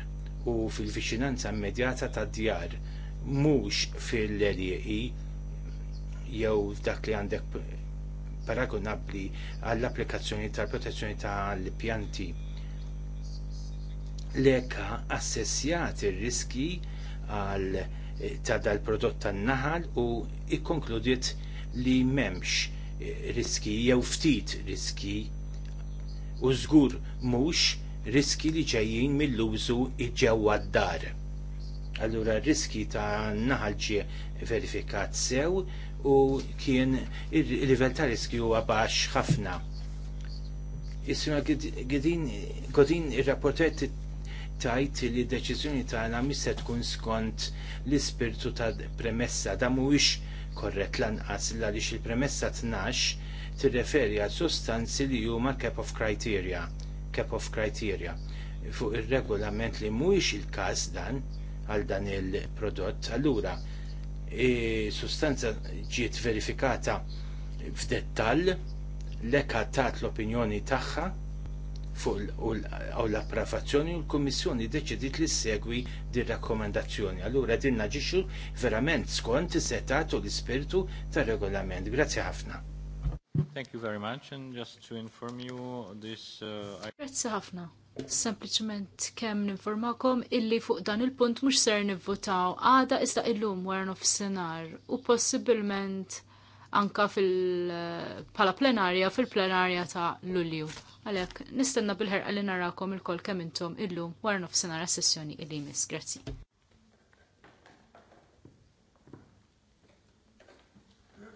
u fil-viċinanza immedjata tad djar mhux fil-LEI jew dak li għandek paragonabli għall-applikazzjoni tal-protezzjoni tal-pjanti. L-eka assessjat ir-riski għal eh, ta' dal-prodott tan-naħal u ikkonkludiet li m'hemmx eh, riski jew ftit riski u żgur mhux riski li ġejjin mill-użu ġewwa d-dar. Allura r riski ta' naħal ġie verifikat sew u kien il-livell ta' riskju huwa baxx ħafna. is għedin il ir-rapportet tajt li d-deċiżjoni tagħna mista tkun skont l-ispirtu ta' premessa da mhuwiex korrett lanqas li il-premessa tnax tirreferi għal sostanzi li huma cap of criteria cap of criteria fuq ir-regolament li mhuwiex il-każ dan għal dan il-prodott allura E sustanza ġiet verifikata f'dettall l-eka tat l-opinjoni tagħha fuq u l-approvazzjoni u l-Kummissjoni deċidiet li segwi dir rakkomandazzjoni. Allura din naġixxu verament skont is-setat u l-ispirtu tar-regolament. Grazzi ħafna. Thank you very much and just to inform you this uh, I... Grazzi ħafna. Sempliċement kemm ninformakom illi fuq dan il-punt mhux ser nivvotaw għada iżda illum wara nofsinhar u possibilment anka fil-pala plenarja fil-plenarja ta' Lulju. Għalhekk nistenna bil-ħerqa li narakom il-kol kemm intom illum wara nofsinhar għas-sessjoni illi jmiss. Grazzi.